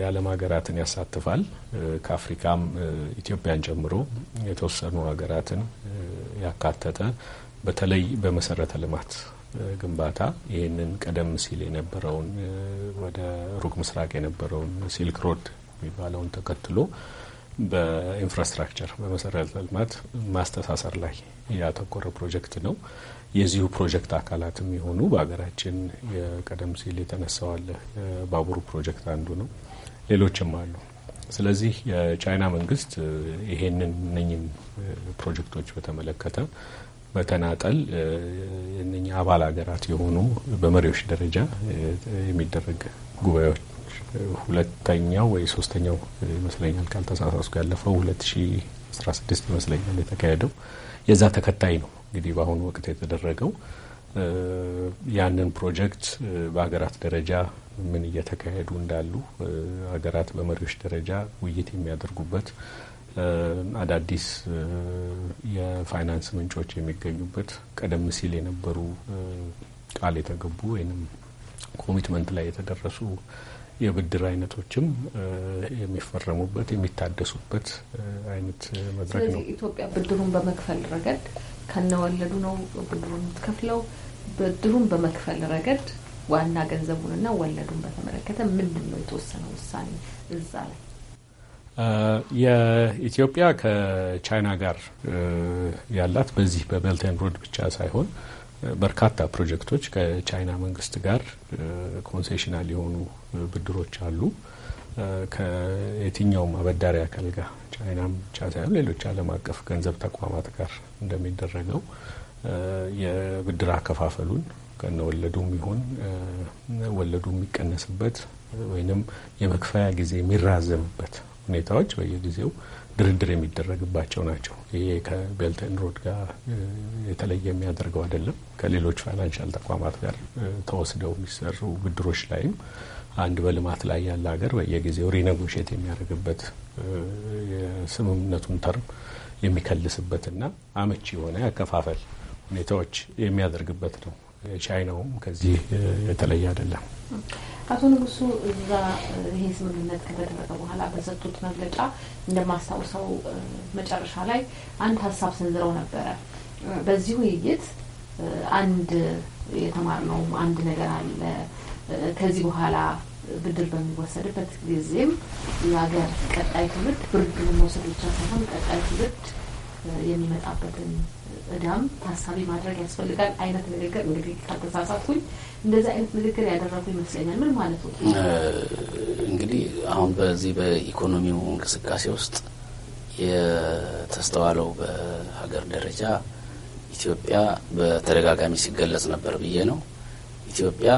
የዓለም ሀገራትን ያሳትፋል። ከአፍሪካም ኢትዮጵያን ጨምሮ የተወሰኑ ሀገራትን ያካተተ በተለይ በመሰረተ ልማት ግንባታ ይህንን ቀደም ሲል የነበረውን ወደ ሩቅ ምስራቅ የነበረውን ሲልክ ሮድ የሚባለውን ተከትሎ በኢንፍራስትራክቸር በመሰረተ ልማት ማስተሳሰር ላይ ያተኮረ ፕሮጀክት ነው። የዚሁ ፕሮጀክት አካላትም የሆኑ በሀገራችን የቀደም ሲል የተነሳዋለ ባቡሩ ፕሮጀክት አንዱ ነው። ሌሎችም አሉ። ስለዚህ የቻይና መንግስት ይሄንን እነኝም ፕሮጀክቶች በተመለከተ በተናጠል እነኛ አባል ሀገራት የሆኑ በመሪዎች ደረጃ የሚደረግ ጉባኤዎች ሁለተኛው ወይ ሶስተኛው ይመስለኛል ካልተሳሳስኩ ያለፈው ሁለት ሺ አስራ ስድስት ይመስለኛል የተካሄደው የዛ ተከታይ ነው እንግዲህ በአሁኑ ወቅት የተደረገው ያንን ፕሮጀክት በሀገራት ደረጃ ምን እየተካሄዱ እንዳሉ ሀገራት በመሪዎች ደረጃ ውይይት የሚያደርጉበት አዳዲስ የፋይናንስ ምንጮች የሚገኙበት ቀደም ሲል የነበሩ ቃል የተገቡ ወይም ኮሚትመንት ላይ የተደረሱ የብድር አይነቶችም የሚፈረሙበት የሚታደሱበት አይነት መድረክ ነው። ኢትዮጵያ ብድሩን በመክፈል ረገድ ከነወለዱ ነው ብድሩን የምትከፍለው። ብድሩን በመክፈል ረገድ ዋና ገንዘቡንና ወለዱን በተመለከተ ምንድን ነው የተወሰነ ውሳኔ እዛ ላይ? የኢትዮጵያ ከቻይና ጋር ያላት በዚህ በቤልት ኤንድ ሮድ ብቻ ሳይሆን በርካታ ፕሮጀክቶች ከቻይና መንግስት ጋር ኮንሴሽናል የሆኑ ብድሮች አሉ። ከየትኛውም አበዳሪ አካል ጋር ቻይናም ብቻ ሳይሆን ሌሎች ዓለም አቀፍ ገንዘብ ተቋማት ጋር እንደሚደረገው የብድር አከፋፈሉን ከነ ወለዱም ይሁን ወለዱ የሚቀነስበት ወይንም የመክፈያ ጊዜ የሚራዘምበት ሁኔታዎች በየጊዜው ድርድር የሚደረግባቸው ናቸው። ይሄ ከቤልት ኤንድ ሮድ ጋር የተለየ የሚያደርገው አይደለም። ከሌሎች ፋይናንሻል ተቋማት ጋር ተወስደው የሚሰሩ ብድሮች ላይም አንድ በልማት ላይ ያለ ሀገር በየጊዜው ሪኔጎሽት የሚያደርግበት የስምምነቱን ተርም የሚከልስበትና አመቺ የሆነ ያከፋፈል ሁኔታዎች የሚያደርግበት ነው። ቻይናውም ከዚህ የተለየ አይደለም። አቶ ንጉሱ እዛ ይሄ ስምምነት ከተደረገ በኋላ በሰጡት መግለጫ እንደማስታውሰው መጨረሻ ላይ አንድ ሀሳብ ሰንዝረው ነበረ። በዚህ ውይይት አንድ ነው አንድ ነገር አለ። ከዚህ በኋላ ብድር በሚወሰድበት ጊዜም የሀገር ቀጣይ ትውልድ ብርድ መውሰድ ብቻ ሳይሆን ቀጣይ ትውልድ የሚመጣበትን እዳም ታሳቢ ማድረግ ያስፈልጋል አይነት ንግግር እንግዲህ ካልተሳሳትኩኝ እንደዚህ አይነት ንግግር ያደረጉ ይመስለኛል። ምን ማለት ነው እንግዲህ አሁን በዚህ በኢኮኖሚው እንቅስቃሴ ውስጥ የተስተዋለው በሀገር ደረጃ ኢትዮጵያ በተደጋጋሚ ሲገለጽ ነበር ብዬ ነው። ኢትዮጵያ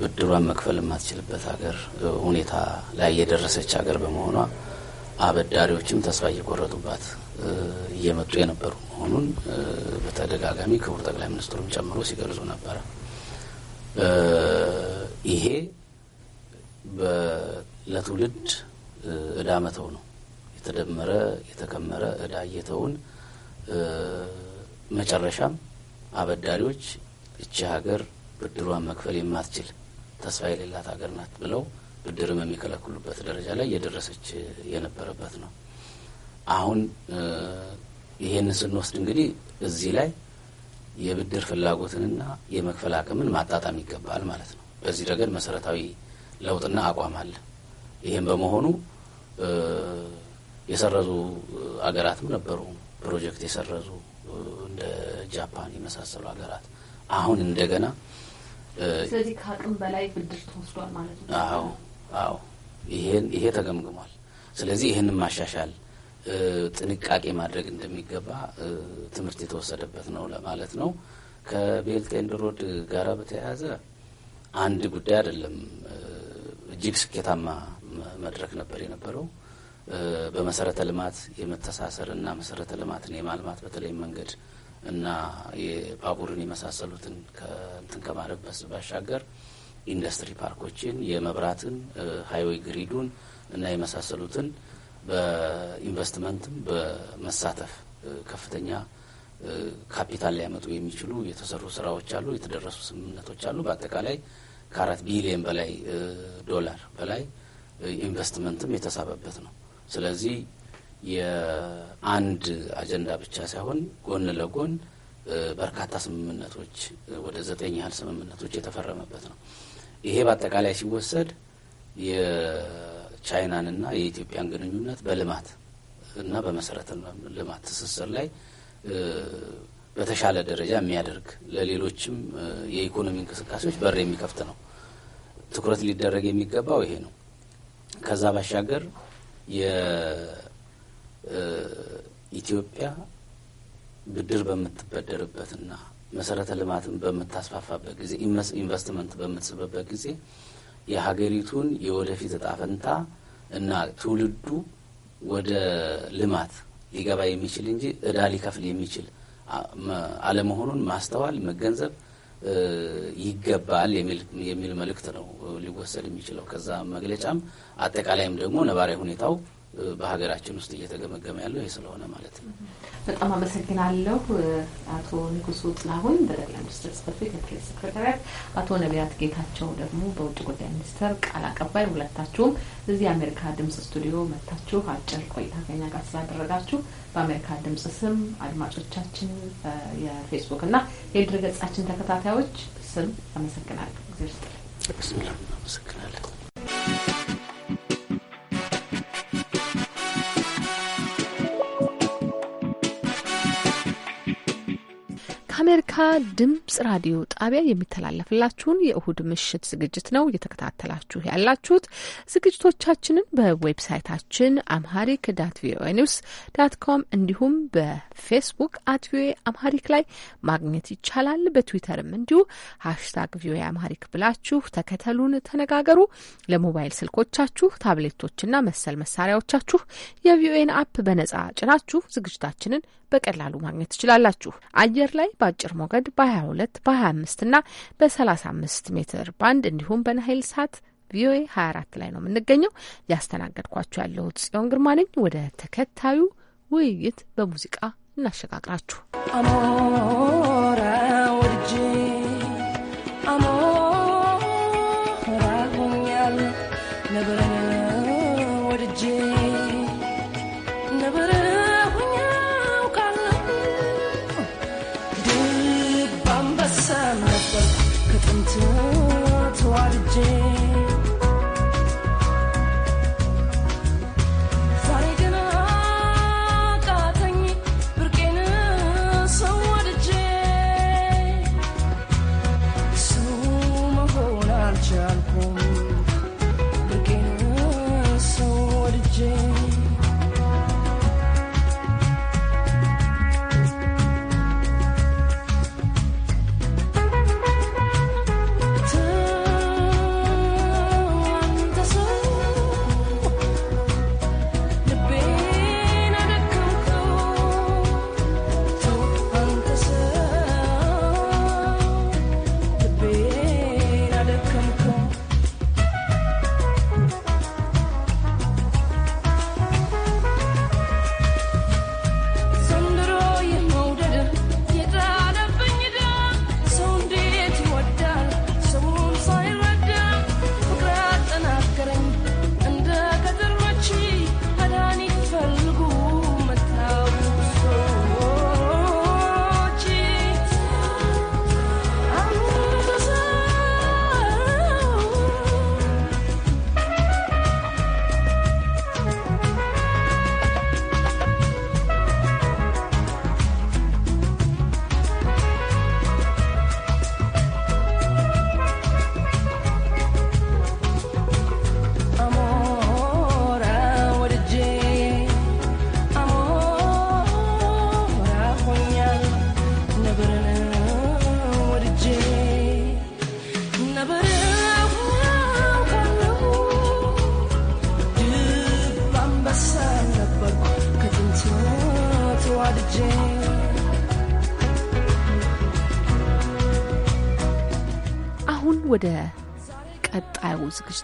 ብድሯን መክፈል የማትችልበት ሀገር ሁኔታ ላይ የደረሰች ሀገር በመሆኗ አበዳሪዎችም ተስፋ እየቆረጡባት እየመጡ የነበሩ መሆኑን በተደጋጋሚ ክቡር ጠቅላይ ሚኒስትሩን ጨምሮ ሲገልጹ ነበረ። ይሄ ለትውልድ እዳ መተው ነው። የተደመረ የተከመረ እዳ እየተውን መጨረሻም አበዳሪዎች እቺ ሀገር ብድሯን መክፈል የማትችል ተስፋ የሌላት ሀገር ናት ብለው ብድርም የሚከለክሉበት ደረጃ ላይ እየደረሰች የነበረበት ነው። አሁን ይሄን ስንወስድ እንግዲህ እዚህ ላይ የብድር ፍላጎትንና የመክፈል አቅምን ማጣጣም ይገባል ማለት ነው። በዚህ ረገድ መሰረታዊ ለውጥና አቋም አለ። ይህም በመሆኑ የሰረዙ አገራትም ነበሩ ፕሮጀክት የሰረዙ እንደ ጃፓን የመሳሰሉ ሀገራት አሁን እንደገና ስለዚህ ከአቅም በላይ ብድር ተወስዷል ማለት ነው። አዎ አዎ፣ ይሄን ይሄ ተገምግሟል። ስለዚህ ይህንን ማሻሻል ጥንቃቄ ማድረግ እንደሚገባ ትምህርት የተወሰደበት ነው ለማለት ነው። ከቤልት ኤንድ ሮድ ጋራ በተያያዘ አንድ ጉዳይ አይደለም። እጅግ ስኬታማ መድረክ ነበር የነበረው። በመሰረተ ልማት የመተሳሰር እና መሰረተ ልማትን የማልማት በተለይ መንገድ እና የባቡርን የመሳሰሉትን ከእንትን ከማድረግ ባሻገር ኢንዱስትሪ ፓርኮችን፣ የመብራትን፣ ሀይዌይ ግሪዱን እና የመሳሰሉትን በኢንቨስትመንትም በመሳተፍ ከፍተኛ ካፒታል ሊያመጡ የሚችሉ የተሰሩ ስራዎች አሉ፣ የተደረሱ ስምምነቶች አሉ። በአጠቃላይ ከአራት ቢሊየን በላይ ዶላር በላይ ኢንቨስትመንትም የተሳበበት ነው። ስለዚህ የአንድ አጀንዳ ብቻ ሳይሆን ጎን ለጎን በርካታ ስምምነቶች ወደ ዘጠኝ ያህል ስምምነቶች የተፈረመበት ነው። ይሄ በአጠቃላይ ሲወሰድ የቻይናንና የኢትዮጵያን ግንኙነት በልማት እና በመሰረተ ልማት ትስስር ላይ በተሻለ ደረጃ የሚያደርግ ለሌሎችም የኢኮኖሚ እንቅስቃሴዎች በር የሚከፍት ነው። ትኩረት ሊደረግ የሚገባው ይሄ ነው። ከዛ ባሻገር የኢትዮጵያ ብድር በምትበደርበትና መሰረተ ልማትን በምታስፋፋበት ጊዜ ኢንቨስትመንት በምትስብበት ጊዜ የሀገሪቱን የወደፊት እጣ ፈንታ እና ትውልዱ ወደ ልማት ሊገባ የሚችል እንጂ እዳ ሊከፍል የሚችል አለመሆኑን ማስተዋል፣ መገንዘብ ይገባል የሚል መልእክት ነው ሊወሰድ የሚችለው ከዛ መግለጫም። አጠቃላይም ደግሞ ነባራዊ ሁኔታው በሀገራችን ውስጥ እየተገመገመ ያለው ይህ ስለሆነ ማለት ነው። በጣም አመሰግናለሁ አቶ ንጉሱ ጥላሁን በጠቅላይ ሚኒስትር ጽሕፈት ቤት የፕሬስ ሴክሬታሪያት፣ አቶ ነቢያት ጌታቸው ደግሞ በውጭ ጉዳይ ሚኒስቴር ቃል አቀባይ፣ ሁለታችሁም እዚህ የአሜሪካ ድምጽ ስቱዲዮ መጥታችሁ አጭር ቆይታ ከኛ ጋር ስላደረጋችሁ በአሜሪካ ድምጽ ስም አድማጮቻችን የፌስቡክ እና የድረ ገጻችን ተከታታዮች ስም አመሰግናለሁ። እግዚአብሔር አመሰግናለሁ። ከአሜሪካ ድምጽ ራዲዮ ጣቢያ የሚተላለፍላችሁን የእሁድ ምሽት ዝግጅት ነው እየተከታተላችሁ ያላችሁት። ዝግጅቶቻችንን በዌብሳይታችን አምሃሪክ ዳት ቪኦኤ ኒውስ ዳት ኮም እንዲሁም በፌስቡክ አት ቪኦኤ አምሃሪክ ላይ ማግኘት ይቻላል። በትዊተርም እንዲሁ ሀሽታግ ቪኦኤ አምሃሪክ ብላችሁ ተከተሉን፣ ተነጋገሩ። ለሞባይል ስልኮቻችሁ ታብሌቶችና መሰል መሳሪያዎቻችሁ የቪኦኤን አፕ በነጻ ጭናችሁ ዝግጅታችንን በቀላሉ ማግኘት ትችላላችሁ። አየር ላይ በአጭር ሞገድ በ22 በ25 እና በ35 ሜትር ባንድ እንዲሁም በናይል ሳት ቪኦኤ 24 ላይ ነው የምንገኘው። ያስተናገድኳችሁ ያለሁት ጽዮን ግርማ ነኝ። ወደ ተከታዩ ውይይት በሙዚቃ እናሸጋግራችሁ። አሞራ ወድጄ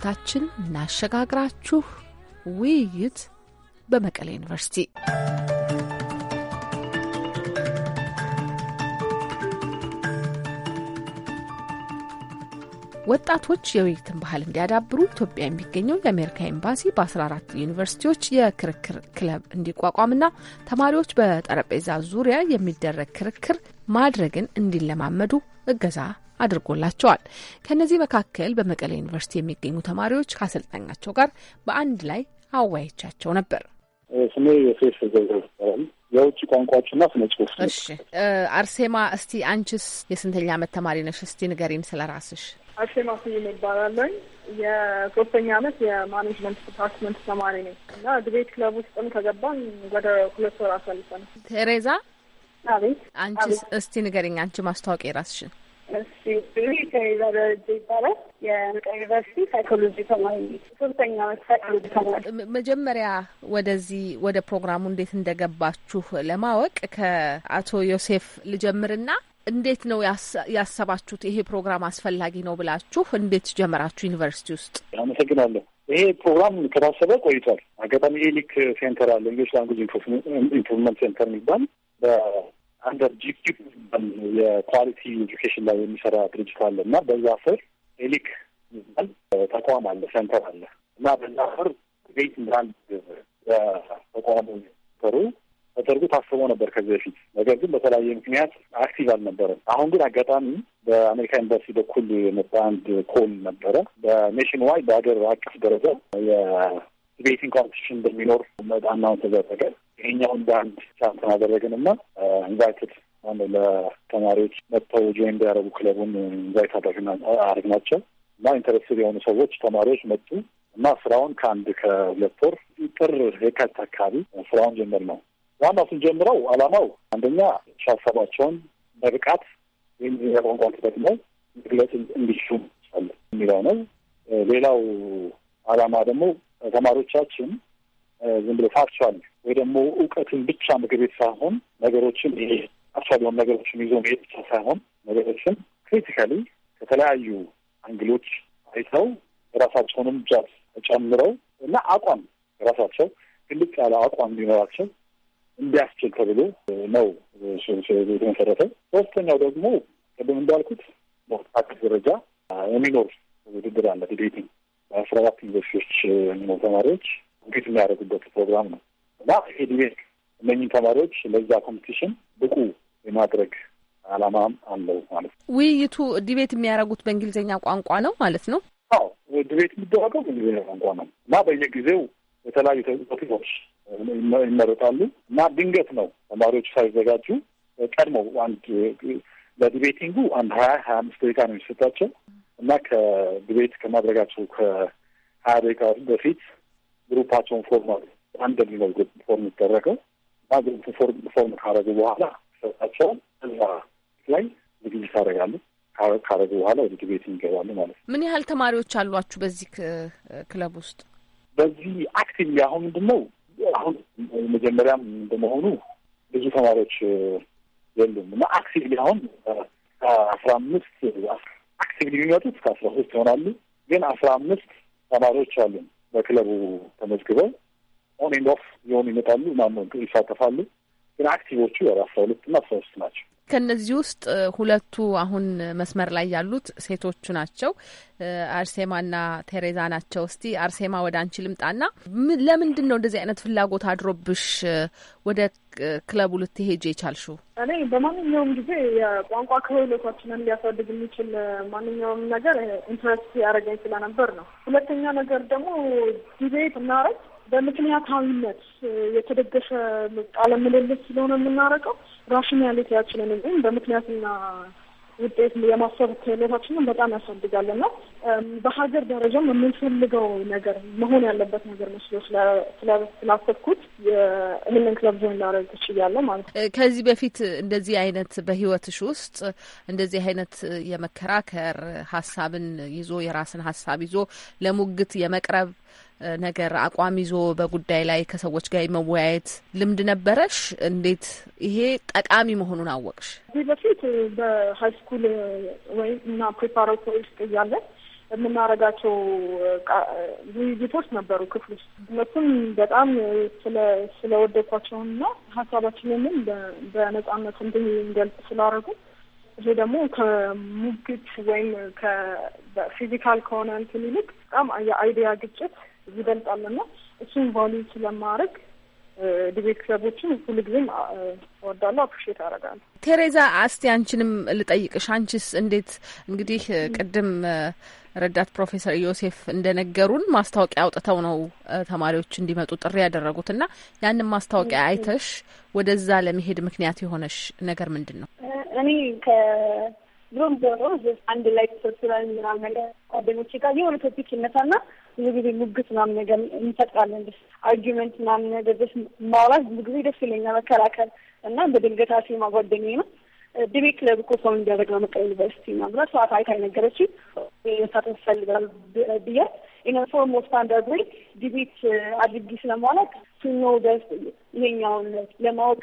ዝግጅታችን እናሸጋግራችሁ ውይይት በመቀሌ ዩኒቨርሲቲ ወጣቶች የውይይትን ባህል እንዲያዳብሩ ኢትዮጵያ የሚገኘው የአሜሪካ ኤምባሲ በ14 ዩኒቨርሲቲዎች የክርክር ክለብ እንዲቋቋምና ተማሪዎች በጠረጴዛ ዙሪያ የሚደረግ ክርክር ማድረግን እንዲለማመዱ እገዛ አድርጎላቸዋል። ከእነዚህ መካከል በመቀሌ ዩኒቨርሲቲ የሚገኙ ተማሪዎች ከአሰልጣኛቸው ጋር በአንድ ላይ አወያይቻቸው ነበር። ስሜ የሴፍ ገንዘብ የውጭ ቋንቋዎችና ስነ ጽሁፍ። እሺ አርሴማ፣ እስቲ አንቺስ የስንተኛ አመት ተማሪ ነሽ? እስቲ ንገሪን ስለ ራስሽ። አርሴማ ስዩም ይባላለኝ። የሶስተኛ አመት የማኔጅመንት ዲፓርትመንት ተማሪ ነኝ እና ድቤት ክለብ ውስጥም ከገባን ወደ ሁለት ወር አሳልፈን። ቴሬዛ፣ አቤት። አንቺስ እስቲ ንገሪኝ አንቺ ማስታወቂያ የራስሽን እሺ ስሜ ከዛ ይባላል። የመቀሌ ሳይኮሎጂ ተማሪ ሶስተኛ ዓመት ሳይኮሎጂ ተማሪ። መጀመሪያ ወደዚህ ወደ ፕሮግራሙ እንዴት እንደገባችሁ ለማወቅ ከአቶ ዮሴፍ ልጀምርና እንዴት ነው ያሰባችሁት? ይሄ ፕሮግራም አስፈላጊ ነው ብላችሁ እንዴት ጀመራችሁ ዩኒቨርሲቲ ውስጥ? አመሰግናለሁ። ይሄ ፕሮግራም ከታሰበ ቆይቷል። አጋጣሚ ኤሊክ ሴንተር አለ፣ እንግሊሽ ላንጉጅ ኢምፕሩቭመንት ሴንተር የሚባል በአንደር ጂፒ የኳሊቲ ኤጁኬሽን ላይ የሚሰራ ድርጅት አለ እና በዛ ስር ኤሊክ ሚባል ተቋም አለ ሴንተር አለ እና በዛ ስር ቤት ብራንድ ተቋሙ ሩ ተደርጎ ታስቦ ነበር ከዚህ በፊት ነገር ግን በተለያየ ምክንያት አክቲቭ አልነበረም። አሁን ግን አጋጣሚ በአሜሪካ ኤምባሲ በኩል የመጣ አንድ ኮል ነበረ። በኔሽን ዋይ በሀገር አቀፍ ደረጃ የዲቤቲንግ ኮምፒቲሽን እንደሚኖር መጣናውን ተዘረገ። ይሄኛውን በአንድ አንድ ቻንስ አደረግን እና ኢንቫይትድ ማነው ለተማሪዎች መጥተው ጆይን እንዲያደረጉ ክለቡን ኢንቫይት አድርገን አድርግ ናቸው እና ኢንተረስትድ የሆኑ ሰዎች ተማሪዎች መጡ እና ስራውን ከአንድ ከሁለት ወር ጥር የካቲት አካባቢ ስራውን ጀምር ነው። ዋናው ስንጀምረው አላማው አንደኛ ሻሰባቸውን በብቃት የእንግሊዝኛ ቋንቋ ተጠቅመው መግለጽ እንዲችሉ የሚለው ነው። ሌላው አላማ ደግሞ ተማሪዎቻችን ዝም ብሎ ፋክቹዋል ወይ ደግሞ እውቀትን ብቻ ምግብ ቤት ሳይሆን ነገሮችን ይሄ አሳቢውን ነገሮችን ይዞ መሄድ ብቻ ሳይሆን ነገሮችን ክሪቲካሊ ከተለያዩ አንግሎች አይተው የራሳቸውንም ጃዝ ተጨምረው እና አቋም የራሳቸው ትልቅ ያለ አቋም እንዲኖራቸው እንዲያስችል ተብሎ ነው የተመሰረተው። ሶስተኛው ደግሞ ቅድም እንዳልኩት በወጣት ደረጃ የሚኖር ውድድር አለ። ዲቤቲንግ በአስራ አራት ዩኒቨርሲቲዎች የሚኖር ተማሪዎች ውጌት የሚያደርጉበት ፕሮግራም ነው እና ይሄ ዲቤት እነኝህ ተማሪዎች ለዛ ኮምፒቲሽን ብቁ የማድረግ ዓላማም አለው ማለት ነው። ውይይቱ ዲቤት የሚያደርጉት በእንግሊዝኛ ቋንቋ ነው ማለት ነው። አዎ ዲቤት የሚደረገው በእንግሊዝኛ ቋንቋ ነው እና በየጊዜው የተለያዩ ቶፒኮች ይመረጣሉ እና ድንገት ነው ተማሪዎች ሳይዘጋጁ ቀድሞ አንድ ለዲቤቲንጉ አንድ ሀያ ሀያ አምስት ደቂቃ ነው የሚሰጣቸው እና ከዲቤት ከማድረጋቸው ከሀያ ደቂቃ በፊት ግሩፓቸውን ፎርም አንድ የሚለው ግሩፕ ፎርም ይደረገው እና ግሩፕ ፎርም ካደረጉ በኋላ ሰውታቸውን እዛ ላይ ዝግጅት ያደርጋሉ። ካረጉ በኋላ ወደ ዲቤት ይገባሉ ማለት ነው። ምን ያህል ተማሪዎች አሏችሁ በዚህ ክለብ ውስጥ? በዚህ አክቲቭ አሁን ምንድን ነው አሁን መጀመሪያም እንደመሆኑ ብዙ ተማሪዎች የሉም እና አክቲቭ አሁን አስራ አምስት አክቲቭሊ የሚመጡት አስራ ሶስት ይሆናሉ። ግን አስራ አምስት ተማሪዎች አሉ በክለቡ ተመዝግበው ኦን ኤንድ ኦፍ የሆኑ ይመጣሉ፣ ማነው ይሳተፋሉ። ግን አክቲቮቹ ወደ አስራ ሁለት ና አስራ ሶስት ናቸው። ከእነዚህ ውስጥ ሁለቱ አሁን መስመር ላይ ያሉት ሴቶቹ ናቸው፣ አርሴማ ና ቴሬዛ ናቸው። እስቲ አርሴማ ወደ አንቺ ልምጣ ና ለምንድን ነው እንደዚህ አይነት ፍላጎት አድሮብሽ ወደ ክለቡ ልትሄጅ የቻልሹ? እኔ በማንኛውም ጊዜ የቋንቋ ክህሎታችንን ሊያሳድግ የሚችል ማንኛውም ነገር ኢንትረስት ያደረገኝ ስለነበር ነው። ሁለተኛ ነገር ደግሞ ዲቤት እናረግ በምክንያታዊነት የተደገፈ ቃለ ምልልስ ስለሆነ የምናደርገው ራሽናሊቲያችንን ወይም በምክንያትና ውጤት የማሰብ ክህሎታችንን በጣም ያሳድጋል እና በሀገር ደረጃም የምንፈልገው ነገር መሆን ያለበት ነገር መስሎ ስላሰብኩት ይህንን ክለብ ጆይን ላደርግ እችላለሁ ማለት ነው። ከዚህ በፊት እንደዚህ አይነት በህይወትሽ ውስጥ እንደዚህ አይነት የመከራከር ሀሳብን ይዞ የራስን ሀሳብ ይዞ ለሙግት የመቅረብ ነገር አቋም ይዞ በጉዳይ ላይ ከሰዎች ጋር የመወያየት ልምድ ነበረሽ? እንዴት ይሄ ጠቃሚ መሆኑን አወቅሽ? ከዚህ በፊት በሃይስኩል ወይም እና ፕሪፓራቶሪ ውስጥ እያለን የምናደርጋቸው ውይይቶች ነበሩ ክፍል ውስጥ። እነሱም በጣም ስለወደድኳቸውና ሀሳባችንንም በነጻነት እንገልጽ ስላደረጉ ይሄ ደግሞ ከሙግት ወይም ከፊዚካል ከሆነ እንትን ይልቅ በጣም የአይዲያ ግጭት ይበልጣል እና እሱን ቫሊዩ ስለማድረግ ዲቤት ክለቦችን ሁል ጊዜም እወዳለሁ፣ አፕሪሼት አደርጋለሁ። ቴሬዛ አስቲ አንቺንም ልጠይቅሽ። አንቺስ እንዴት እንግዲህ ቅድም ረዳት ፕሮፌሰር ዮሴፍ እንደነገሩን ማስታወቂያ አውጥተው ነው ተማሪዎች እንዲመጡ ጥሪ ያደረጉት እና ያንን ማስታወቂያ አይተሽ ወደዛ ለመሄድ ምክንያት የሆነሽ ነገር ምንድን ነው? እኔ ከድሮም ጀምሮ አንድ ላይ ተሰብስበን ምናምን ነገር ጓደኞቼ ጋር የሆነ ቶፒክ ይነሳና ብዙ ጊዜ ሙግት ምናምን ነገር እንፈጥራለን። ደስ አርጊመንት ምናምን ነገር ደስ ማውራት ብዙ ጊዜ ደስ ይለኛል፣ መከላከል እና በድንገት አሴማ ጓደኛዬ ነው ድቤ ክለብ እኮ ሰው እንዲያደርግ ነው መቀሌ ዩኒቨርሲቲ ብላ ሰዋት አይታ የነገረችኝ መሳተፍ ፈልጋል ብያት ኢነ ፎርሞ ስታንዳርድ ወይ ዲቤት አድርጊ ስለማለት ቱኖ ደስ ይሄኛውን ለማወቅ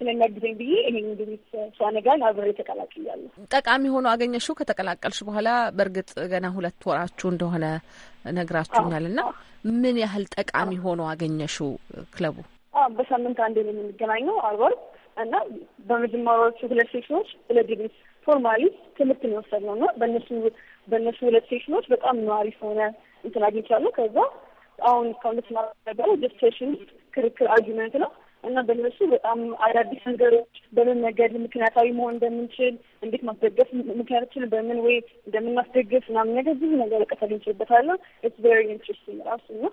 ስለሚያግዘኝ ብዬ ይሄን ድርጅት ሷነጋን አብሬ ተቀላቅያለሁ። ጠቃሚ ሆኖ አገኘሽው? ከተቀላቀልሽ በኋላ በእርግጥ ገና ሁለት ወራችሁ እንደሆነ ነግራችሁኛል እና ምን ያህል ጠቃሚ ሆኖ አገኘሽው ክለቡ? በሳምንት አንዴ ነው የምንገናኘው አርብ እና በመጀመሪያዎቹ ሁለት ሴሽኖች ስለ ዲግሪ ፎርማሊ ትምህርት ነው የወሰድነው እና በእነሱ በእነሱ ሁለት ሴሽኖች በጣም ነው አሪፍ ሆነ እንትን አግኝቻለሁ። ከዛ አሁን እስካሁን ተማረ ነበረ ሴሽን ክርክር አርጊመንት ነው እና በነሱ በጣም አዳዲስ ነገሮች በምን መንገድ ምክንያታዊ መሆን እንደምንችል፣ እንዴት ማስደገፍ ምክንያቶችን በምን ወይ እንደምናስደግፍ ምናምን ነገር ብዙ ነገር እውቀት አግኝቼበታለሁ። ኢትስ ቬሪ ኢንትረስቲንግ ራሱ ነው።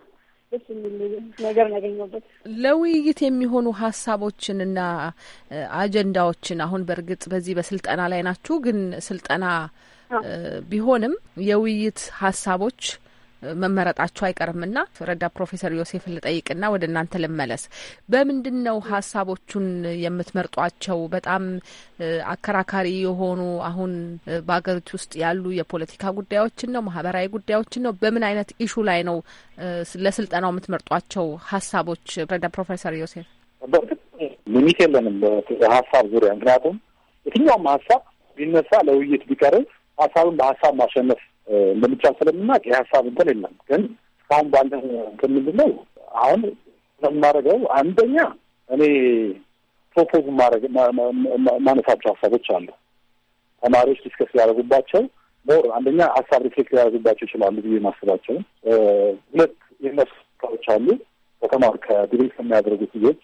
ነገር ያገኘሁበት ለውይይት የሚሆኑ ሀሳቦችን ሀሳቦችንና አጀንዳዎችን አሁን በእርግጥ በዚህ በስልጠና ላይ ናችሁ፣ ግን ስልጠና ቢሆንም የውይይት ሀሳቦች መመረጣቸው አይቀርምና ረዳት ፕሮፌሰር ዮሴፍን ልጠይቅና ወደ እናንተ ልመለስ። በምንድን ነው ሀሳቦቹን የምትመርጧቸው? በጣም አከራካሪ የሆኑ አሁን በሀገሪቱ ውስጥ ያሉ የፖለቲካ ጉዳዮችን ነው? ማህበራዊ ጉዳዮችን ነው? በምን አይነት ኢሹ ላይ ነው ለስልጠናው የምትመርጧቸው ሀሳቦች? ረዳት ፕሮፌሰር ዮሴፍ ሊሚት የለንም በሀሳብ ዙሪያ ምክንያቱም የትኛውም ሀሳብ ቢነሳ ለውይይት ቢቀርብ ሀሳብን በሀሳብ ማሸነፍ እንደምቻ ስለምናቅ የሀሳብ እንትን የለም። ግን እስካሁን ባለ እንትን ምንድን ነው አሁን ስለማደርገው አንደኛ እኔ ፕሮፖዝ ማድረግ ማነሳቸው ሀሳቦች አሉ ተማሪዎች ዲስከስ ሊያደርጉባቸው ሞር አንደኛ ሀሳብ ሪፍሌክት ሊያደርጉባቸው ይችላሉ ብዬ ማስባቸው ሁለት የነሱ ስራዎች አሉ ከተማር ከድቤት ከሚያደርጉት ልጆች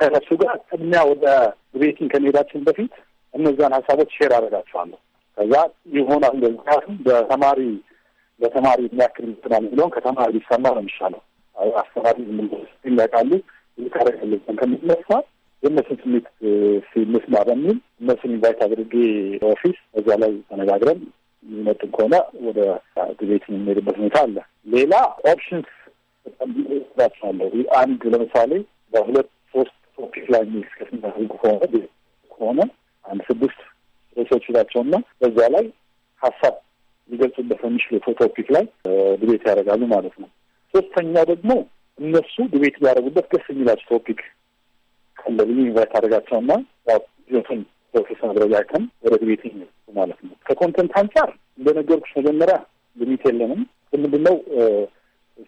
ከነሱ ጋር ቅድሚያ ወደ ዲቤቲንግ ከመሄዳችን በፊት እነዚያን ሀሳቦች ሼር አደርጋቸዋለሁ። ከዛ ይሆናል ምክንያቱም በተማሪ በተማሪ የሚያክል ይሆናል ብለውን ከተማሪ ሊሰማ ነው የሚሻለው። አስተማሪ የሚያውቃሉ ይታረጋለብን ከምትነሳ የእነሱን ስሜት ሲንስማ በሚል እነሱን ኢንቫይት አድርጌ ኦፊስ እዚያ ላይ ተነጋግረን የሚመጥን ከሆነ ወደ ዲቤት የሚሄድበት ሁኔታ አለ። ሌላ ኦፕሽንስ ቸዋለሁ አንድ ለምሳሌ በሁለት ሶስት ቶፒክ ላይ የሚስከስ ከሆነ ከሆነ አንድ ስድስት ርዕሶች ናቸው እና በዛ ላይ ሀሳብ ሊገልጹበት በሚችሉ ቶፒክ ላይ ድቤት ያደርጋሉ ማለት ነው። ሶስተኛ ደግሞ እነሱ ድቤት ቢያደርጉበት ደስ የሚላቸው ቶፒክ ካለ ብዬ ኢንቫይት አደርጋቸውና ቱን ፕሮፌሰር አድረጋከን ወደ ድቤት ይመጡ ማለት ነው። ከኮንተንት አንጻር እንደነገርኩሽ መጀመሪያ ልሚት የለንም። ምንድነው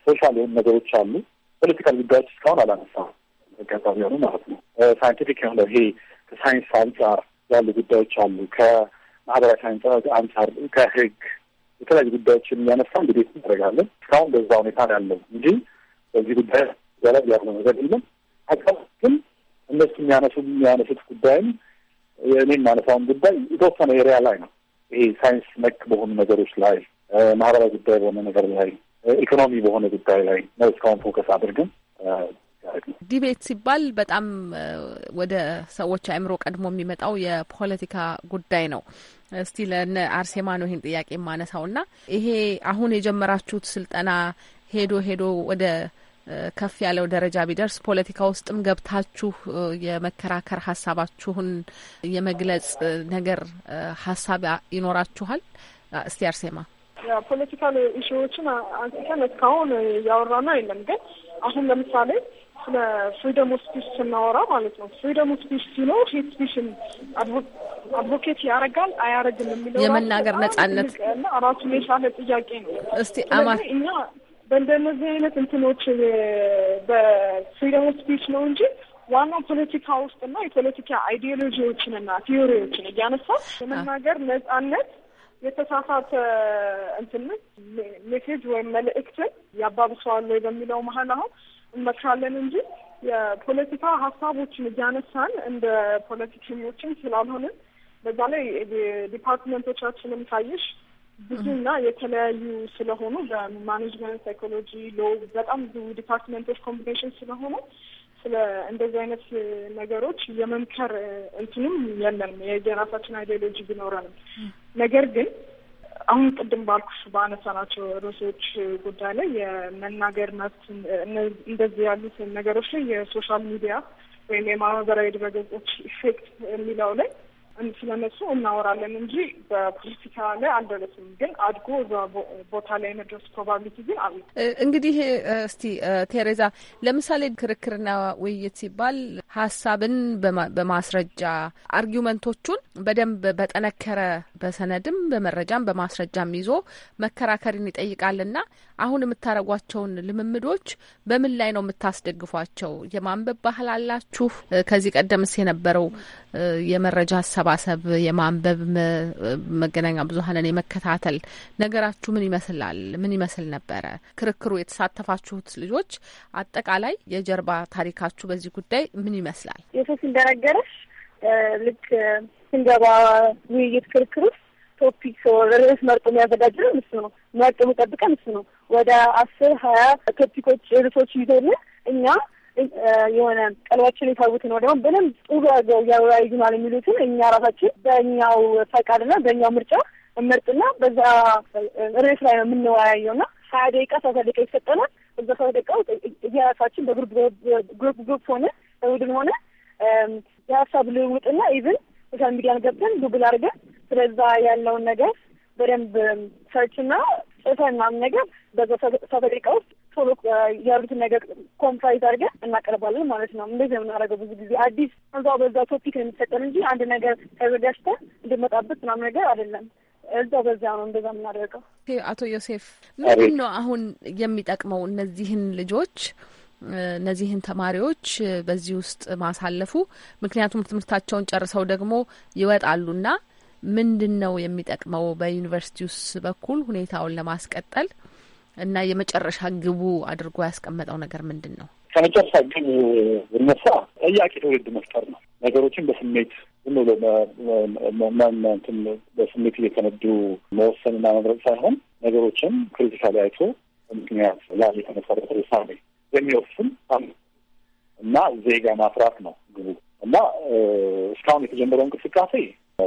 ሶሻል የሆኑ ነገሮች አሉ። ፖለቲካል ጉዳዮች እስካሁን አላነሳ ገባ ሆኑ ማለት ነው ሳይንቲፊክ የሆነ ይሄ ከሳይንስ አንጻር ያሉ ጉዳዮች አሉ። ከማህበራዊ ሳይንስ አንጻር ከህግ የተለያዩ ጉዳዮችን የሚያነሳ እንግዲህ እናደርጋለን። እስካሁን በዛ ሁኔታ ያለው እንጂ በዚህ ጉዳይ ገለብ ያለ ነገር የለም። አቀም ግን እነሱ የሚያነሱ የሚያነሱት ጉዳይም የእኔ የማነሳውን ጉዳይ የተወሰነ ኤሪያ ላይ ነው። ይሄ ሳይንስ ነክ በሆኑ ነገሮች ላይ፣ ማህበራዊ ጉዳይ በሆነ ነገር ላይ፣ ኢኮኖሚ በሆነ ጉዳይ ላይ ነው እስካሁን ፎከስ አድርገን ዲቤት ሲባል በጣም ወደ ሰዎች አእምሮ ቀድሞ የሚመጣው የፖለቲካ ጉዳይ ነው። እስቲ ለነ አርሴማ ነው ይህን ጥያቄ የማነሳው ና ይሄ አሁን የጀመራችሁት ስልጠና ሄዶ ሄዶ ወደ ከፍ ያለው ደረጃ ቢደርስ ፖለቲካ ውስጥም ገብታችሁ የመከራከር ሀሳባችሁን የመግለጽ ነገር ሀሳብ ይኖራችኋል? እስቲ አርሴማ። ፖለቲካል ኢሹዎችን አንስተን እስካሁን እያወራ ነው የለም። ግን አሁን ለምሳሌ ስለ ፍሪደም ኦፍ ስፒች ስናወራ ማለት ነው። ፍሪደም ኦፍ ስፒች ሲኖር ሄት ስፒችን አድቮኬት ያደርጋል አያደርግም የሚለው የመናገር ነጻነት እና ራሱን የቻለ ጥያቄ ነው። እስቲ አማ እኛ በእንደነዚህ አይነት እንትኖች በፍሪደም ኦፍ ስፒች ነው እንጂ ዋናው ፖለቲካ ውስጥና የፖለቲካ አይዲዮሎጂዎችንና ቲዮሪዎችን እያነሳ የመናገር ነጻነት የተሳሳተ እንትን ሜሴጅ ወይም መልእክትን ያባብሰዋል ወይ በሚለው መሀል አሁን እንመክራለን እንጂ የፖለቲካ ሀሳቦችን እያነሳን እንደ ፖለቲከኞችን ስላልሆንን በዛ ላይ ዲፓርትመንቶቻችንም ሳይሽ ብዙና የተለያዩ ስለሆኑ በማኔጅመንት ሳይኮሎጂ፣ ሎ በጣም ብዙ ዲፓርትመንቶች ኮምቢኔሽን ስለሆኑ ስለ እንደዚህ አይነት ነገሮች የመምከር እንትንም የለንም የየራሳችን አይዲዮሎጂ ቢኖረንም ነገር ግን አሁን ቅድም ባልኩሽ በአነሳናቸው ርዕሶች ጉዳይ ላይ የመናገር መብት እንደዚህ ያሉት ነገሮች ላይ የሶሻል ሚዲያ ወይም የማህበራዊ ድረገጾች ኢፌክት የሚለው ላይ ስለነሱ እናወራለን እንጂ በፖለቲካ ላይ አልደረስም። ግን አድጎ ቦታ ላይ መድረስ ፕሮባብሊቲ ግን አሉ። እንግዲህ እስቲ ቴሬዛ፣ ለምሳሌ ክርክርና ውይይት ሲባል ሀሳብን በማስረጃ አርጊመንቶቹን በደንብ በጠነከረ በሰነድም በመረጃም በማስረጃም ይዞ መከራከርን ይጠይቃልና አሁን የምታደርጓቸውን ልምምዶች በምን ላይ ነው የምታስደግፏቸው? የማንበብ ባህል አላችሁ? ከዚህ ቀደምስ የነበረው የመረጃ ሀሳብ የመሰባሰብ የማንበብ መገናኛ ብዙሀንን የመከታተል ነገራችሁ ምን ይመስላል? ምን ይመስል ነበረ ክርክሩ? የተሳተፋችሁት ልጆች አጠቃላይ የጀርባ ታሪካችሁ በዚህ ጉዳይ ምን ይመስላል? የሶስ እንደነገረሽ ልክ ስንገባ ውይይት ክርክር ውስጥ ቶፒክ ርዕስ መርጦ የሚያዘጋጅነ እሱ ነው። መርጦ የሚጠብቀን እሱ ነው። ወደ አስር ሀያ ቶፒኮች ርዕሶች ይዞልን እኛ የሆነ ቀልባችን ሊታውትን ወደ ሆን ብንም ጡብ ያዘው ያወያዩናል የሚሉትን እኛ ራሳችን በእኛው ፈቃድና በእኛው ምርጫ እመርጥና በዛ ርዕስ ላይ ነው የምንወያየው ና ሀያ ደቂቃ ሰላሳ ደቂቃ ይሰጠናል። እዛ ሰላሳ ደቂቃ የራሳችን በግሩፕ ግሩፕ ሆነ በቡድን ሆነ የሀሳብ ልውውጥና ኢቭን ሶሻል ሚዲያን ገብተን ጉግል አድርገን ስለዛ ያለውን ነገር በደንብ ሰርችና ጽፈን ምናምን ነገር በዛ ሰላሳ ደቂቃ ውስጥ ቶሎ ያሉትን ነገር ኮምፕራይዝ አድርገን እናቀርባለን ማለት ነው። እንደዚህ የምናደርገው ብዙ ጊዜ አዲስ እዛው በዛ ቶፒክ ነው የሚሰጠን እንጂ አንድ ነገር ተዘጋጅተን እንድመጣበት ምናምን ነገር አይደለም። እዛው በዛ ነው እንደዛ የምናደርገው። አቶ ዮሴፍ ምንድን ነው አሁን የሚጠቅመው እነዚህን ልጆች እነዚህን ተማሪዎች በዚህ ውስጥ ማሳለፉ? ምክንያቱም ትምህርታቸውን ጨርሰው ደግሞ ይወጣሉና ምንድን ነው የሚጠቅመው በዩኒቨርስቲ ውስጥ በኩል ሁኔታውን ለማስቀጠል እና የመጨረሻ ግቡ አድርጎ ያስቀመጠው ነገር ምንድን ነው? ከመጨረሻ ግቡ ብነሳ ጠያቂ ትውልድ መፍጠር ነው። ነገሮችን በስሜት ዝም ብሎ በስሜት እየተነዱ መወሰንና መምረጥ ሳይሆን ነገሮችን ክሪቲካሊ አይቶ ምክንያት ላይ የተመሰረተ ውሳኔ የሚወስን እና ዜጋ ማፍራት ነው ግቡ እና እስካሁን የተጀመረው እንቅስቃሴ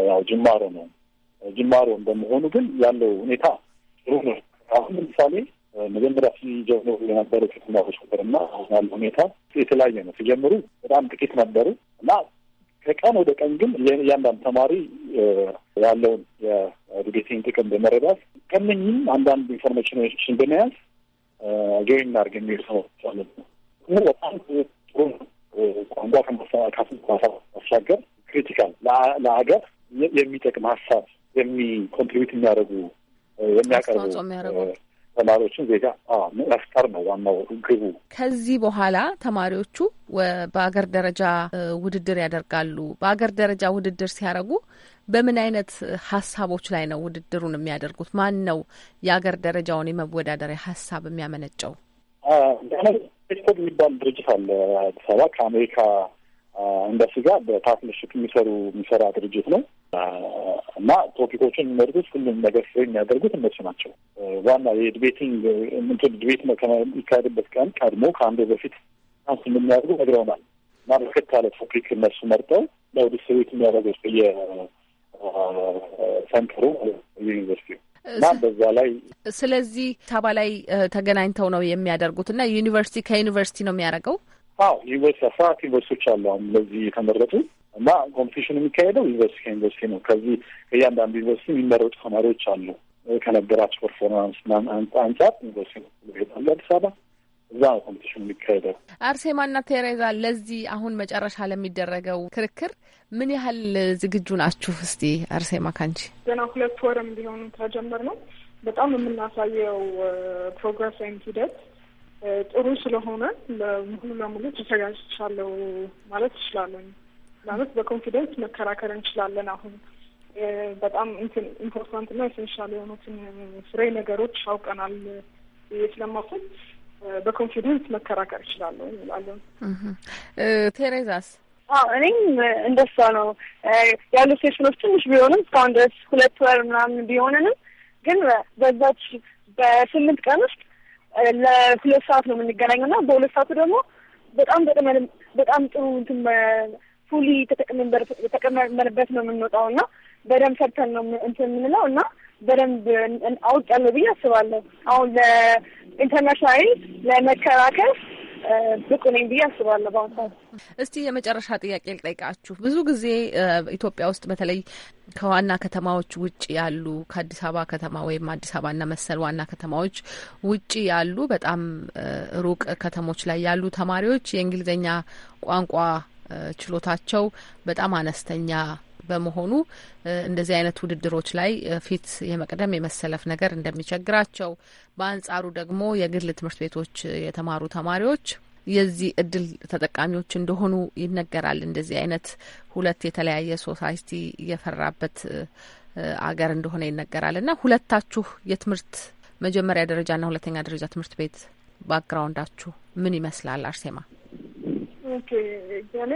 ያው ጅማሮ ነው። ጅማሮ እንደመሆኑ ግን ያለው ሁኔታ ጥሩ ነው። አሁን ለምሳሌ መጀመሪያ ሲጀምሩ የነበሩ ከተማዎች ቁጥር እና ያለ ሁኔታ የተለያየ ነው። ሲጀምሩ በጣም ጥቂት ነበሩ እና ከቀን ወደ ቀን ግን እያንዳንድ ተማሪ ያለውን የኤዱኬሽን ጥቅም በመረዳት ቀንኝም አንዳንድ ኢንፎርሜሽኖችን በመያዝ ጆይን እናድርግ የሚሉ ሰዎች ማለት ነው። በጣም ጥሩ ቋንቋ ከማሰማካፍ ማሻገር ክሪቲካል ለሀገር የሚጠቅም ሀሳብ የሚኮንትሪቢዩት የሚያደርጉ የሚያቀርቡ ተማሪዎችን ዜጋ መፍጠር ነው ዋናው ግቡ። ከዚህ በኋላ ተማሪዎቹ በአገር ደረጃ ውድድር ያደርጋሉ። በአገር ደረጃ ውድድር ሲያደርጉ በምን አይነት ሀሳቦች ላይ ነው ውድድሩን የሚያደርጉት? ማን ነው የአገር ደረጃውን የመወዳደሪያ ሀሳብ የሚያመነጨው? የሚባል ድርጅት አለ አዲስ አበባ ከአሜሪካ ኤምባሲ ጋር በፓርትነርሽፕ የሚሰሩ የሚሰራ ድርጅት ነው እና ቶፒኮችን የሚመርጡት ሁሉም ነገር ፍሬ የሚያደርጉት እነሱ ናቸው። ዋና የድቤቲንግ እንትን ዲቤት ከሚካሄድበት ቀን ቀድሞ ከአንዱ በፊት አንስ እንደሚያደርጉ ነግረውናል እና በርከት ያለ ቶፒክ እነሱ መርጠው ነው ዲስትሪቢዩት የሚያደርጉት የሰንተሩ ዩኒቨርሲቲ እና በዛ ላይ ስለዚህ ሳባ ላይ ተገናኝተው ነው የሚያደርጉት እና ዩኒቨርሲቲ ከዩኒቨርሲቲ ነው የሚያደርገው አዎ ዩኒቨርስ አስራ አራት ዩኒቨርሲቲዎች አሉ አሁን በዚህ የተመረጡ እና ኮምፒቲሽን የሚካሄደው ዩኒቨርሲቲ ከዩኒቨርሲቲ ነው። ከዚህ ከእያንዳንዱ ዩኒቨርሲቲ የሚመረጡ ተማሪዎች አሉ። ከነበራቸው ፐርፎርማንስ አንጻር ዩኒቨርሲቲ ሄዳሉ አዲስ አበባ እዛ ነው ኮምፒቲሽን የሚካሄደው። አርሴማና ቴሬዛ ለዚህ አሁን መጨረሻ ለሚደረገው ክርክር ምን ያህል ዝግጁ ናችሁ? እስቲ አርሴማ ካንቺ። ገና ሁለት ወርም ቢሆኑ ከጀመር ነው በጣም የምናሳየው ፕሮግረስ ወይም ሂደት ጥሩ ስለሆነ ሙሉ ለሙሉ ተዘጋጅቻለሁ ማለት እችላለሁ። ማለት በኮንፊደንስ መከራከር እንችላለን። አሁን በጣም ኢምፖርታንት እና ኤሴንሻል የሆኑትን ፍሬ ነገሮች አውቀናል ስለማስብ በኮንፊደንስ መከራከር እችላለሁ እላለሁ። ቴሬዛስ እኔም እንደሷ ነው ያሉ ሴሽኖች ትንሽ ቢሆንም እስካሁን ድረስ ሁለት ወር ምናምን ቢሆንንም ግን በዛች በስምንት ቀን ውስጥ ለሁለት ሰዓት ነው የምንገናኘው እና በሁለት ሰዓቱ ደግሞ በጣም በጣም ጥሩ ፉሊ ተጠቀመንበት ነው የምንወጣው እና በደንብ ሰርተን ነው እንትን የምንለው እና በደንብ አውቅ ያለው ብዬ አስባለሁ። አሁን ለኢንተርናሽናል ለመከራከር ብቁ ነኝ ብዬ አስባለሁ። በአሁኑ ሰዓት እስቲ የመጨረሻ ጥያቄ ልጠይቃችሁ። ብዙ ጊዜ ኢትዮጵያ ውስጥ በተለይ ከዋና ከተማዎች ውጭ ያሉ ከአዲስ አበባ ከተማ ወይም አዲስ አበባና መሰል ዋና ከተማዎች ውጭ ያሉ በጣም ሩቅ ከተሞች ላይ ያሉ ተማሪዎች የእንግሊዝኛ ቋንቋ ችሎታቸው በጣም አነስተኛ በመሆኑ እንደዚህ አይነት ውድድሮች ላይ ፊት የመቅደም የመሰለፍ ነገር እንደሚቸግራቸው፣ በአንጻሩ ደግሞ የግል ትምህርት ቤቶች የተማሩ ተማሪዎች የዚህ እድል ተጠቃሚዎች እንደሆኑ ይነገራል። እንደዚህ አይነት ሁለት የተለያየ ሶሳይቲ የፈራበት አገር እንደሆነ ይነገራል እና ሁለታችሁ የትምህርት መጀመሪያ ደረጃና ሁለተኛ ደረጃ ትምህርት ቤት ባክግራውንዳችሁ ምን ይመስላል? አርሴማ ኦኬ እኔ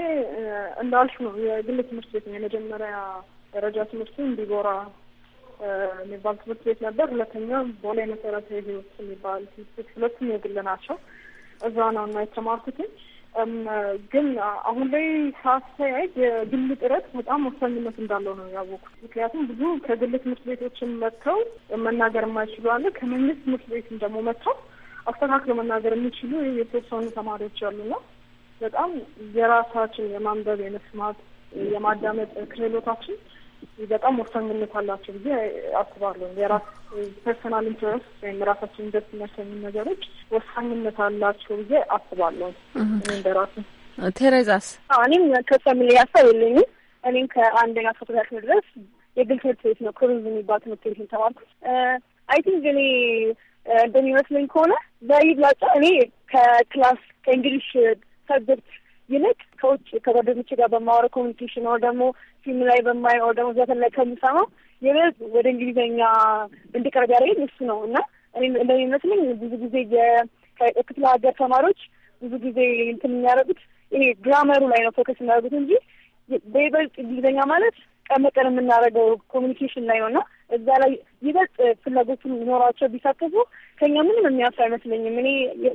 እንዳልሽ ነው የግል ትምህርት ቤት ነው። የመጀመሪያ ደረጃ ትምህርቱ እንዲጎራ የሚባል ትምህርት ቤት ነበር። ሁለተኛ ቦሌ መሰረተ ህይወት የሚባል ትምህርት ቤት፣ ሁለቱም የግል ናቸው። እዛ ነው እና የተማርኩትኝ። ግን አሁን ላይ ሳስተያይ የግል ጥረት በጣም ወሳኝነት እንዳለው ነው ያወቅኩት። ምክንያቱም ብዙ ከግል ትምህርት ቤቶችን መጥተው መናገር የማይችሉ አለ፣ ከመንግስት ትምህርት ቤትም ደግሞ መጥተው አስተካክሎ መናገር የሚችሉ የተወሰኑ ተማሪዎች ያሉና በጣም የራሳችን የማንበብ የመስማት የማዳመጥ ክህሎታችን በጣም ወሳኝነት አላቸው ብዬ አስባለሁ። የራስ ፐርሰናል ኢንትረስት ወይም ራሳችን ደስ የሚያሰኙ ነገሮች ወሳኝነት አላቸው ብዬ አስባለሁ። እኔ እንደራሴ ቴሬዛስ እኔም ከሰምል ያሳ የለኝም። እኔም ከአንደኛ ፎቶግራፊ ድረስ የግል ትምህርት ቤት ነው ክሩዝ የሚባል ትምህርት ቤት የተማርኩት። አይ ቲንክ እኔ እንደሚመስለኝ ከሆነ በይብላጫ እኔ ከክላስ ከእንግሊሽ ከግብት ይልቅ ከውጭ ከጓደኞቼ ጋር በማወራው ኮሚኒኬሽን ወይ ደግሞ ፊልም ላይ በማይ በማየው ደግሞ ዘፈን ላይ ከምሰማው የበለጠ ወደ እንግሊዝኛ እንድቀርብ ያደረገኝ እሱ ነው እና እኔ እንደሚመስለኝ ብዙ ጊዜ የክፍለ ሀገር ተማሪዎች ብዙ ጊዜ እንትን የሚያደርጉት ይሄ ግራመሩ ላይ ነው ፎከስ የሚያደርጉት እንጂ በይበልጥ እንግሊዝኛ ማለት ቀመጠን የምናደርገው ኮሚኒኬሽን ላይ ነው እና እዛ ላይ ይበልጥ ፍላጎቱን ኖሯቸው ቢሳተፉ ከኛ ምንም የሚያንስ አይመስለኝም። እኔ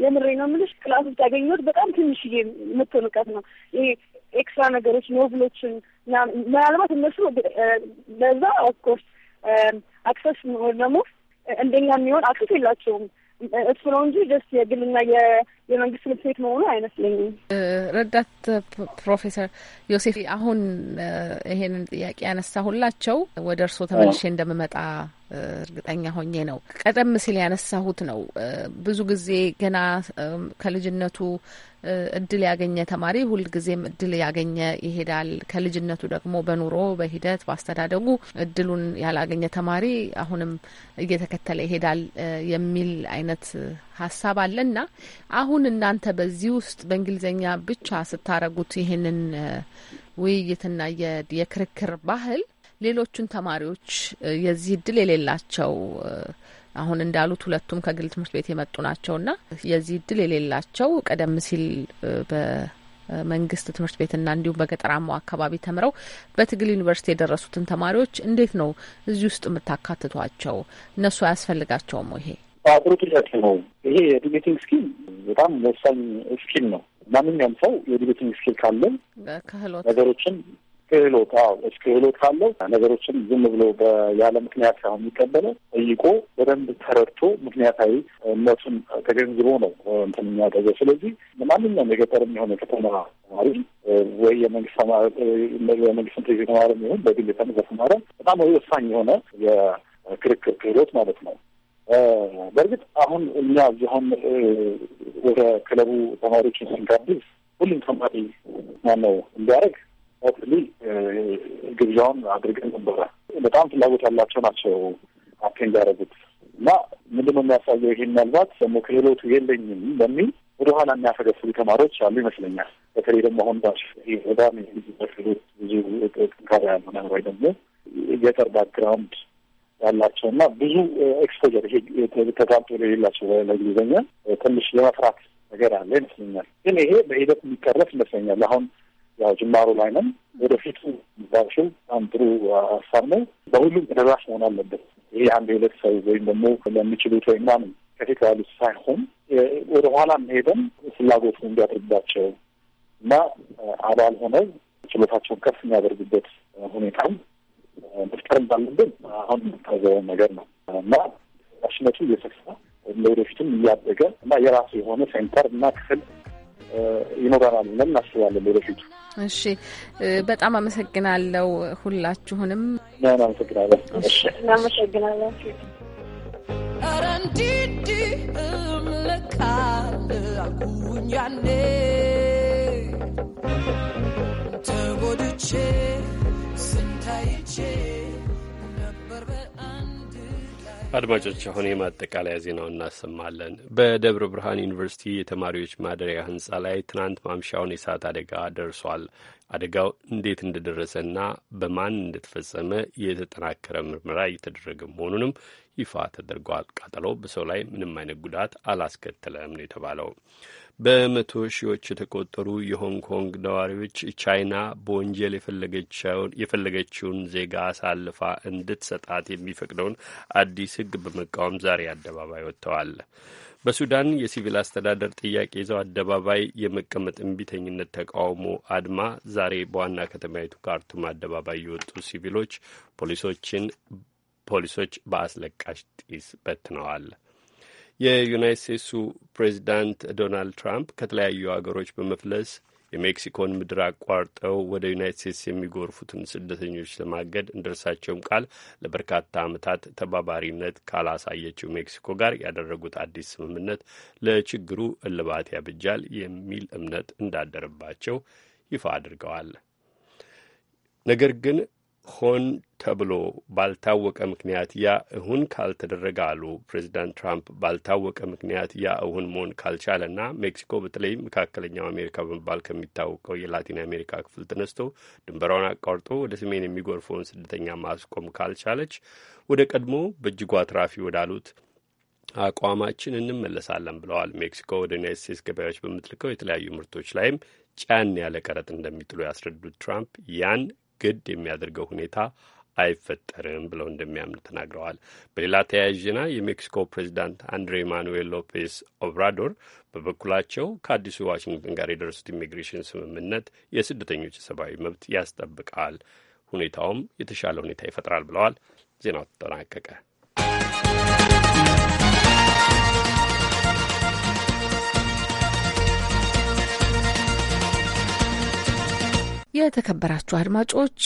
የምሬ ነው የምልሽ። ክላስ ውስጥ ያገኘሁት በጣም ትንሽዬ የምትሆን እውቀት ነው። ይሄ ኤክስትራ ነገሮች ኖብሎችን ምናልባት እነሱ በዛ ኦፍኮርስ አክሰስ ደግሞ እንደኛ የሚሆን አክሰስ የላቸውም። እሱ ነው እንጂ ደስ የግልና የመንግስት ትምህርት ቤት መሆኑ አይመስለኝም። ረዳት ፕሮፌሰር ዮሴፍ አሁን ይሄንን ጥያቄ ያነሳ ሁላቸው ወደ እርስዎ ተመልሼ እንደምመጣ እርግጠኛ ሆኜ ነው። ቀደም ሲል ያነሳሁት ነው። ብዙ ጊዜ ገና ከልጅነቱ እድል ያገኘ ተማሪ ሁልጊዜም እድል ያገኘ ይሄዳል። ከልጅነቱ ደግሞ በኑሮ በሂደት በአስተዳደጉ እድሉን ያላገኘ ተማሪ አሁንም እየተከተለ ይሄዳል የሚል አይነት ሀሳብ አለ እና አሁን እናንተ በዚህ ውስጥ በእንግሊዝኛ ብቻ ስታረጉት ይህንን ውይይትና የክርክር ባህል ሌሎቹን ተማሪዎች የዚህ እድል የሌላቸው አሁን እንዳሉት ሁለቱም ከግል ትምህርት ቤት የመጡ ናቸውና የዚህ እድል የሌላቸው ቀደም ሲል በመንግስት ትምህርት ቤትና እንዲሁም በገጠራማው አካባቢ ተምረው በትግል ዩኒቨርሲቲ የደረሱትን ተማሪዎች እንዴት ነው እዚህ ውስጥ የምታካትቷቸው? እነሱ አያስፈልጋቸውም ይሄ ጥሩ ጥያቄ ነው። ይሄ የዲቤቲንግ ስኪል በጣም ወሳኝ ስኪል ነው። ማንኛውም ሰው የዲቤቲንግ ስኪል ካለን ነገሮችን ክህሎት አዎ ክህሎት ካለው ነገሮችን ዝም ብሎ ያለ ምክንያት ሳይሆን የሚቀበለው ጠይቆ በደንብ ተረድቶ ምክንያታዊ እነቱን ተገንዝቦ ነው እንትን የሚያደርገው። ስለዚህ ለማንኛውም የገጠርም የሆነ የከተማ ተማሪ ወይ የመንግስት የመንግስት ተማሪ ሆን በግል የተነዘ ተማረ በጣም ወሳኝ የሆነ የክርክር ክህሎት ማለት ነው። በእርግጥ አሁን እኛ ዚሆን ወደ ክለቡ ተማሪዎችን ስንጋብዝ ሁሉም ተማሪ ማነው እንዲያደርግ ሞትሊ ግብዣውን አድርገን ነበረ። በጣም ፍላጎት ያላቸው ናቸው አቴንድ ያደረጉት እና ምንድነው የሚያሳየው ይሄ ምናልባት ደግሞ ክህሎቱ የለኝም በሚል ወደኋላ የሚያፈገፍሉ ተማሪዎች አሉ ይመስለኛል። በተለይ ደግሞ አሁን ባሽ በጣም ክህሎት ብዙ ጥንካሬ ያለ ነገር ወይ ደግሞ የገጠር ባክግራውንድ ያላቸው እና ብዙ ኤክስፖጀር ይሄ ተጋምጦ የሌላቸው ለእንግሊዝኛ ትንሽ የመፍራት ነገር አለ ይመስለኛል። ግን ይሄ በሂደት የሚቀረፍ ይመስለኛል አሁን ያው ጅማሩ ላይ ነን። ወደፊቱ ዳሽን በጣም ጥሩ ሀሳብ ነው። በሁሉም ተደራሽ መሆን አለበት። ይህ አንድ የሁለት ሰው ወይም ደግሞ ለሚችሉት ወይ ምናምን ከፊት ያሉት ሳይሆን ወደ ኋላ ሄደን ፍላጎቱ እንዲያደርግባቸው እና አባል ሆነው ችሎታቸውን ከፍ የሚያደርጉበት ሁኔታም መፍጠር እንዳለብን አሁን የምታዘበው ነገር ነው እና ተደራሽነቱ እየሰፋ ወደፊትም እያደገ እና የራሱ የሆነ ሴንተር እና ክፍል ይኖረናል ብለን እናስባለን ወደፊቱ። እሺ፣ በጣም አመሰግናለሁ ሁላችሁንም። አመሰግናለሁ። እናመሰግናለን። ኧረ እንዲህ እምልካል አልኩኝ ያኔ ተጎድቼ ስንታይቼ አድማጮች አሁን የማጠቃለያ ዜናውን እናሰማለን። በደብረ ብርሃን ዩኒቨርሲቲ የተማሪዎች ማደሪያ ህንፃ ላይ ትናንት ማምሻውን የእሳት አደጋ ደርሷል። አደጋው እንዴት እንደደረሰና በማን እንደተፈጸመ የተጠናከረ ምርመራ እየተደረገ መሆኑንም ይፋ ተደርጓል። ቃጠሎ በሰው ላይ ምንም አይነት ጉዳት አላስከተለም ነው የተባለው። በመቶ ሺዎች የተቆጠሩ የሆንግ ኮንግ ነዋሪዎች ቻይና በወንጀል የፈለገችውን ዜጋ አሳልፋ እንድትሰጣት የሚፈቅደውን አዲስ ሕግ በመቃወም ዛሬ አደባባይ ወጥተዋል። በሱዳን የሲቪል አስተዳደር ጥያቄ ይዘው አደባባይ የመቀመጥ እምቢተኝነት ተቃውሞ አድማ ዛሬ በዋና ከተማይቱ ካርቱም አደባባይ የወጡ ሲቪሎች ፖሊሶችን ፖሊሶች በአስለቃሽ ጢስ በትነዋል። የዩናይት ስቴትሱ ፕሬዚዳንት ዶናልድ ትራምፕ ከተለያዩ ሀገሮች በመፍለስ የሜክሲኮን ምድር አቋርጠው ወደ ዩናይት ስቴትስ የሚጎርፉትን ስደተኞች ለማገድ እንደ እርሳቸውም ቃል ለበርካታ ዓመታት ተባባሪነት ካላሳየችው ሜክሲኮ ጋር ያደረጉት አዲስ ስምምነት ለችግሩ እልባት ያብጃል የሚል እምነት እንዳደረባቸው ይፋ አድርገዋል። ነገር ግን ሆን ተብሎ ባልታወቀ ምክንያት ያ እሁን ካልተደረገ አሉ ፕሬዚዳንት ትራምፕ ባልታወቀ ምክንያት ያ እሁን መሆን ካልቻለ ና ሜክሲኮ በተለይ መካከለኛው አሜሪካ በመባል ከሚታወቀው የላቲን አሜሪካ ክፍል ተነስቶ ድንበራውን አቋርጦ ወደ ሰሜን የሚጎርፈውን ስደተኛ ማስቆም ካልቻለች ወደ ቀድሞ በእጅጉ አትራፊ ወዳሉት አቋማችን እንመለሳለን ብለዋል። ሜክሲኮ ወደ ዩናይት ስቴትስ ገበያዎች በምትልከው የተለያዩ ምርቶች ላይም ጫን ያለ ቀረጥ እንደሚጥሉ ያስረዱት ትራምፕ ያን ግድ የሚያደርገው ሁኔታ አይፈጠርም ብለው እንደሚያምኑ ተናግረዋል። በሌላ ተያያዥ ዜና የሜክሲኮ ፕሬዚዳንት አንድሬ ማኑዌል ሎፔስ ኦብራዶር በበኩላቸው ከአዲሱ ዋሽንግተን ጋር የደረሱት ኢሚግሬሽን ስምምነት የስደተኞች ሰብአዊ መብት ያስጠብቃል፣ ሁኔታውም የተሻለ ሁኔታ ይፈጥራል ብለዋል። ዜናው ተጠናቀቀ። የተከበራችሁ አድማጮች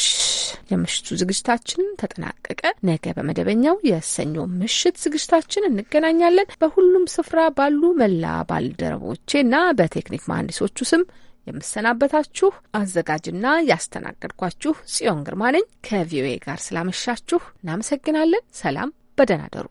የምሽቱ ዝግጅታችን ተጠናቀቀ። ነገ በመደበኛው የሰኞ ምሽት ዝግጅታችን እንገናኛለን። በሁሉም ስፍራ ባሉ መላ ባልደረቦቼና በቴክኒክ መሐንዲሶቹ ስም የምሰናበታችሁ አዘጋጅና ያስተናገድኳችሁ ጽዮን ግርማ ነኝ። ከቪኦኤ ጋር ስላመሻችሁ እናመሰግናለን። ሰላም፣ በደህና ደሩ።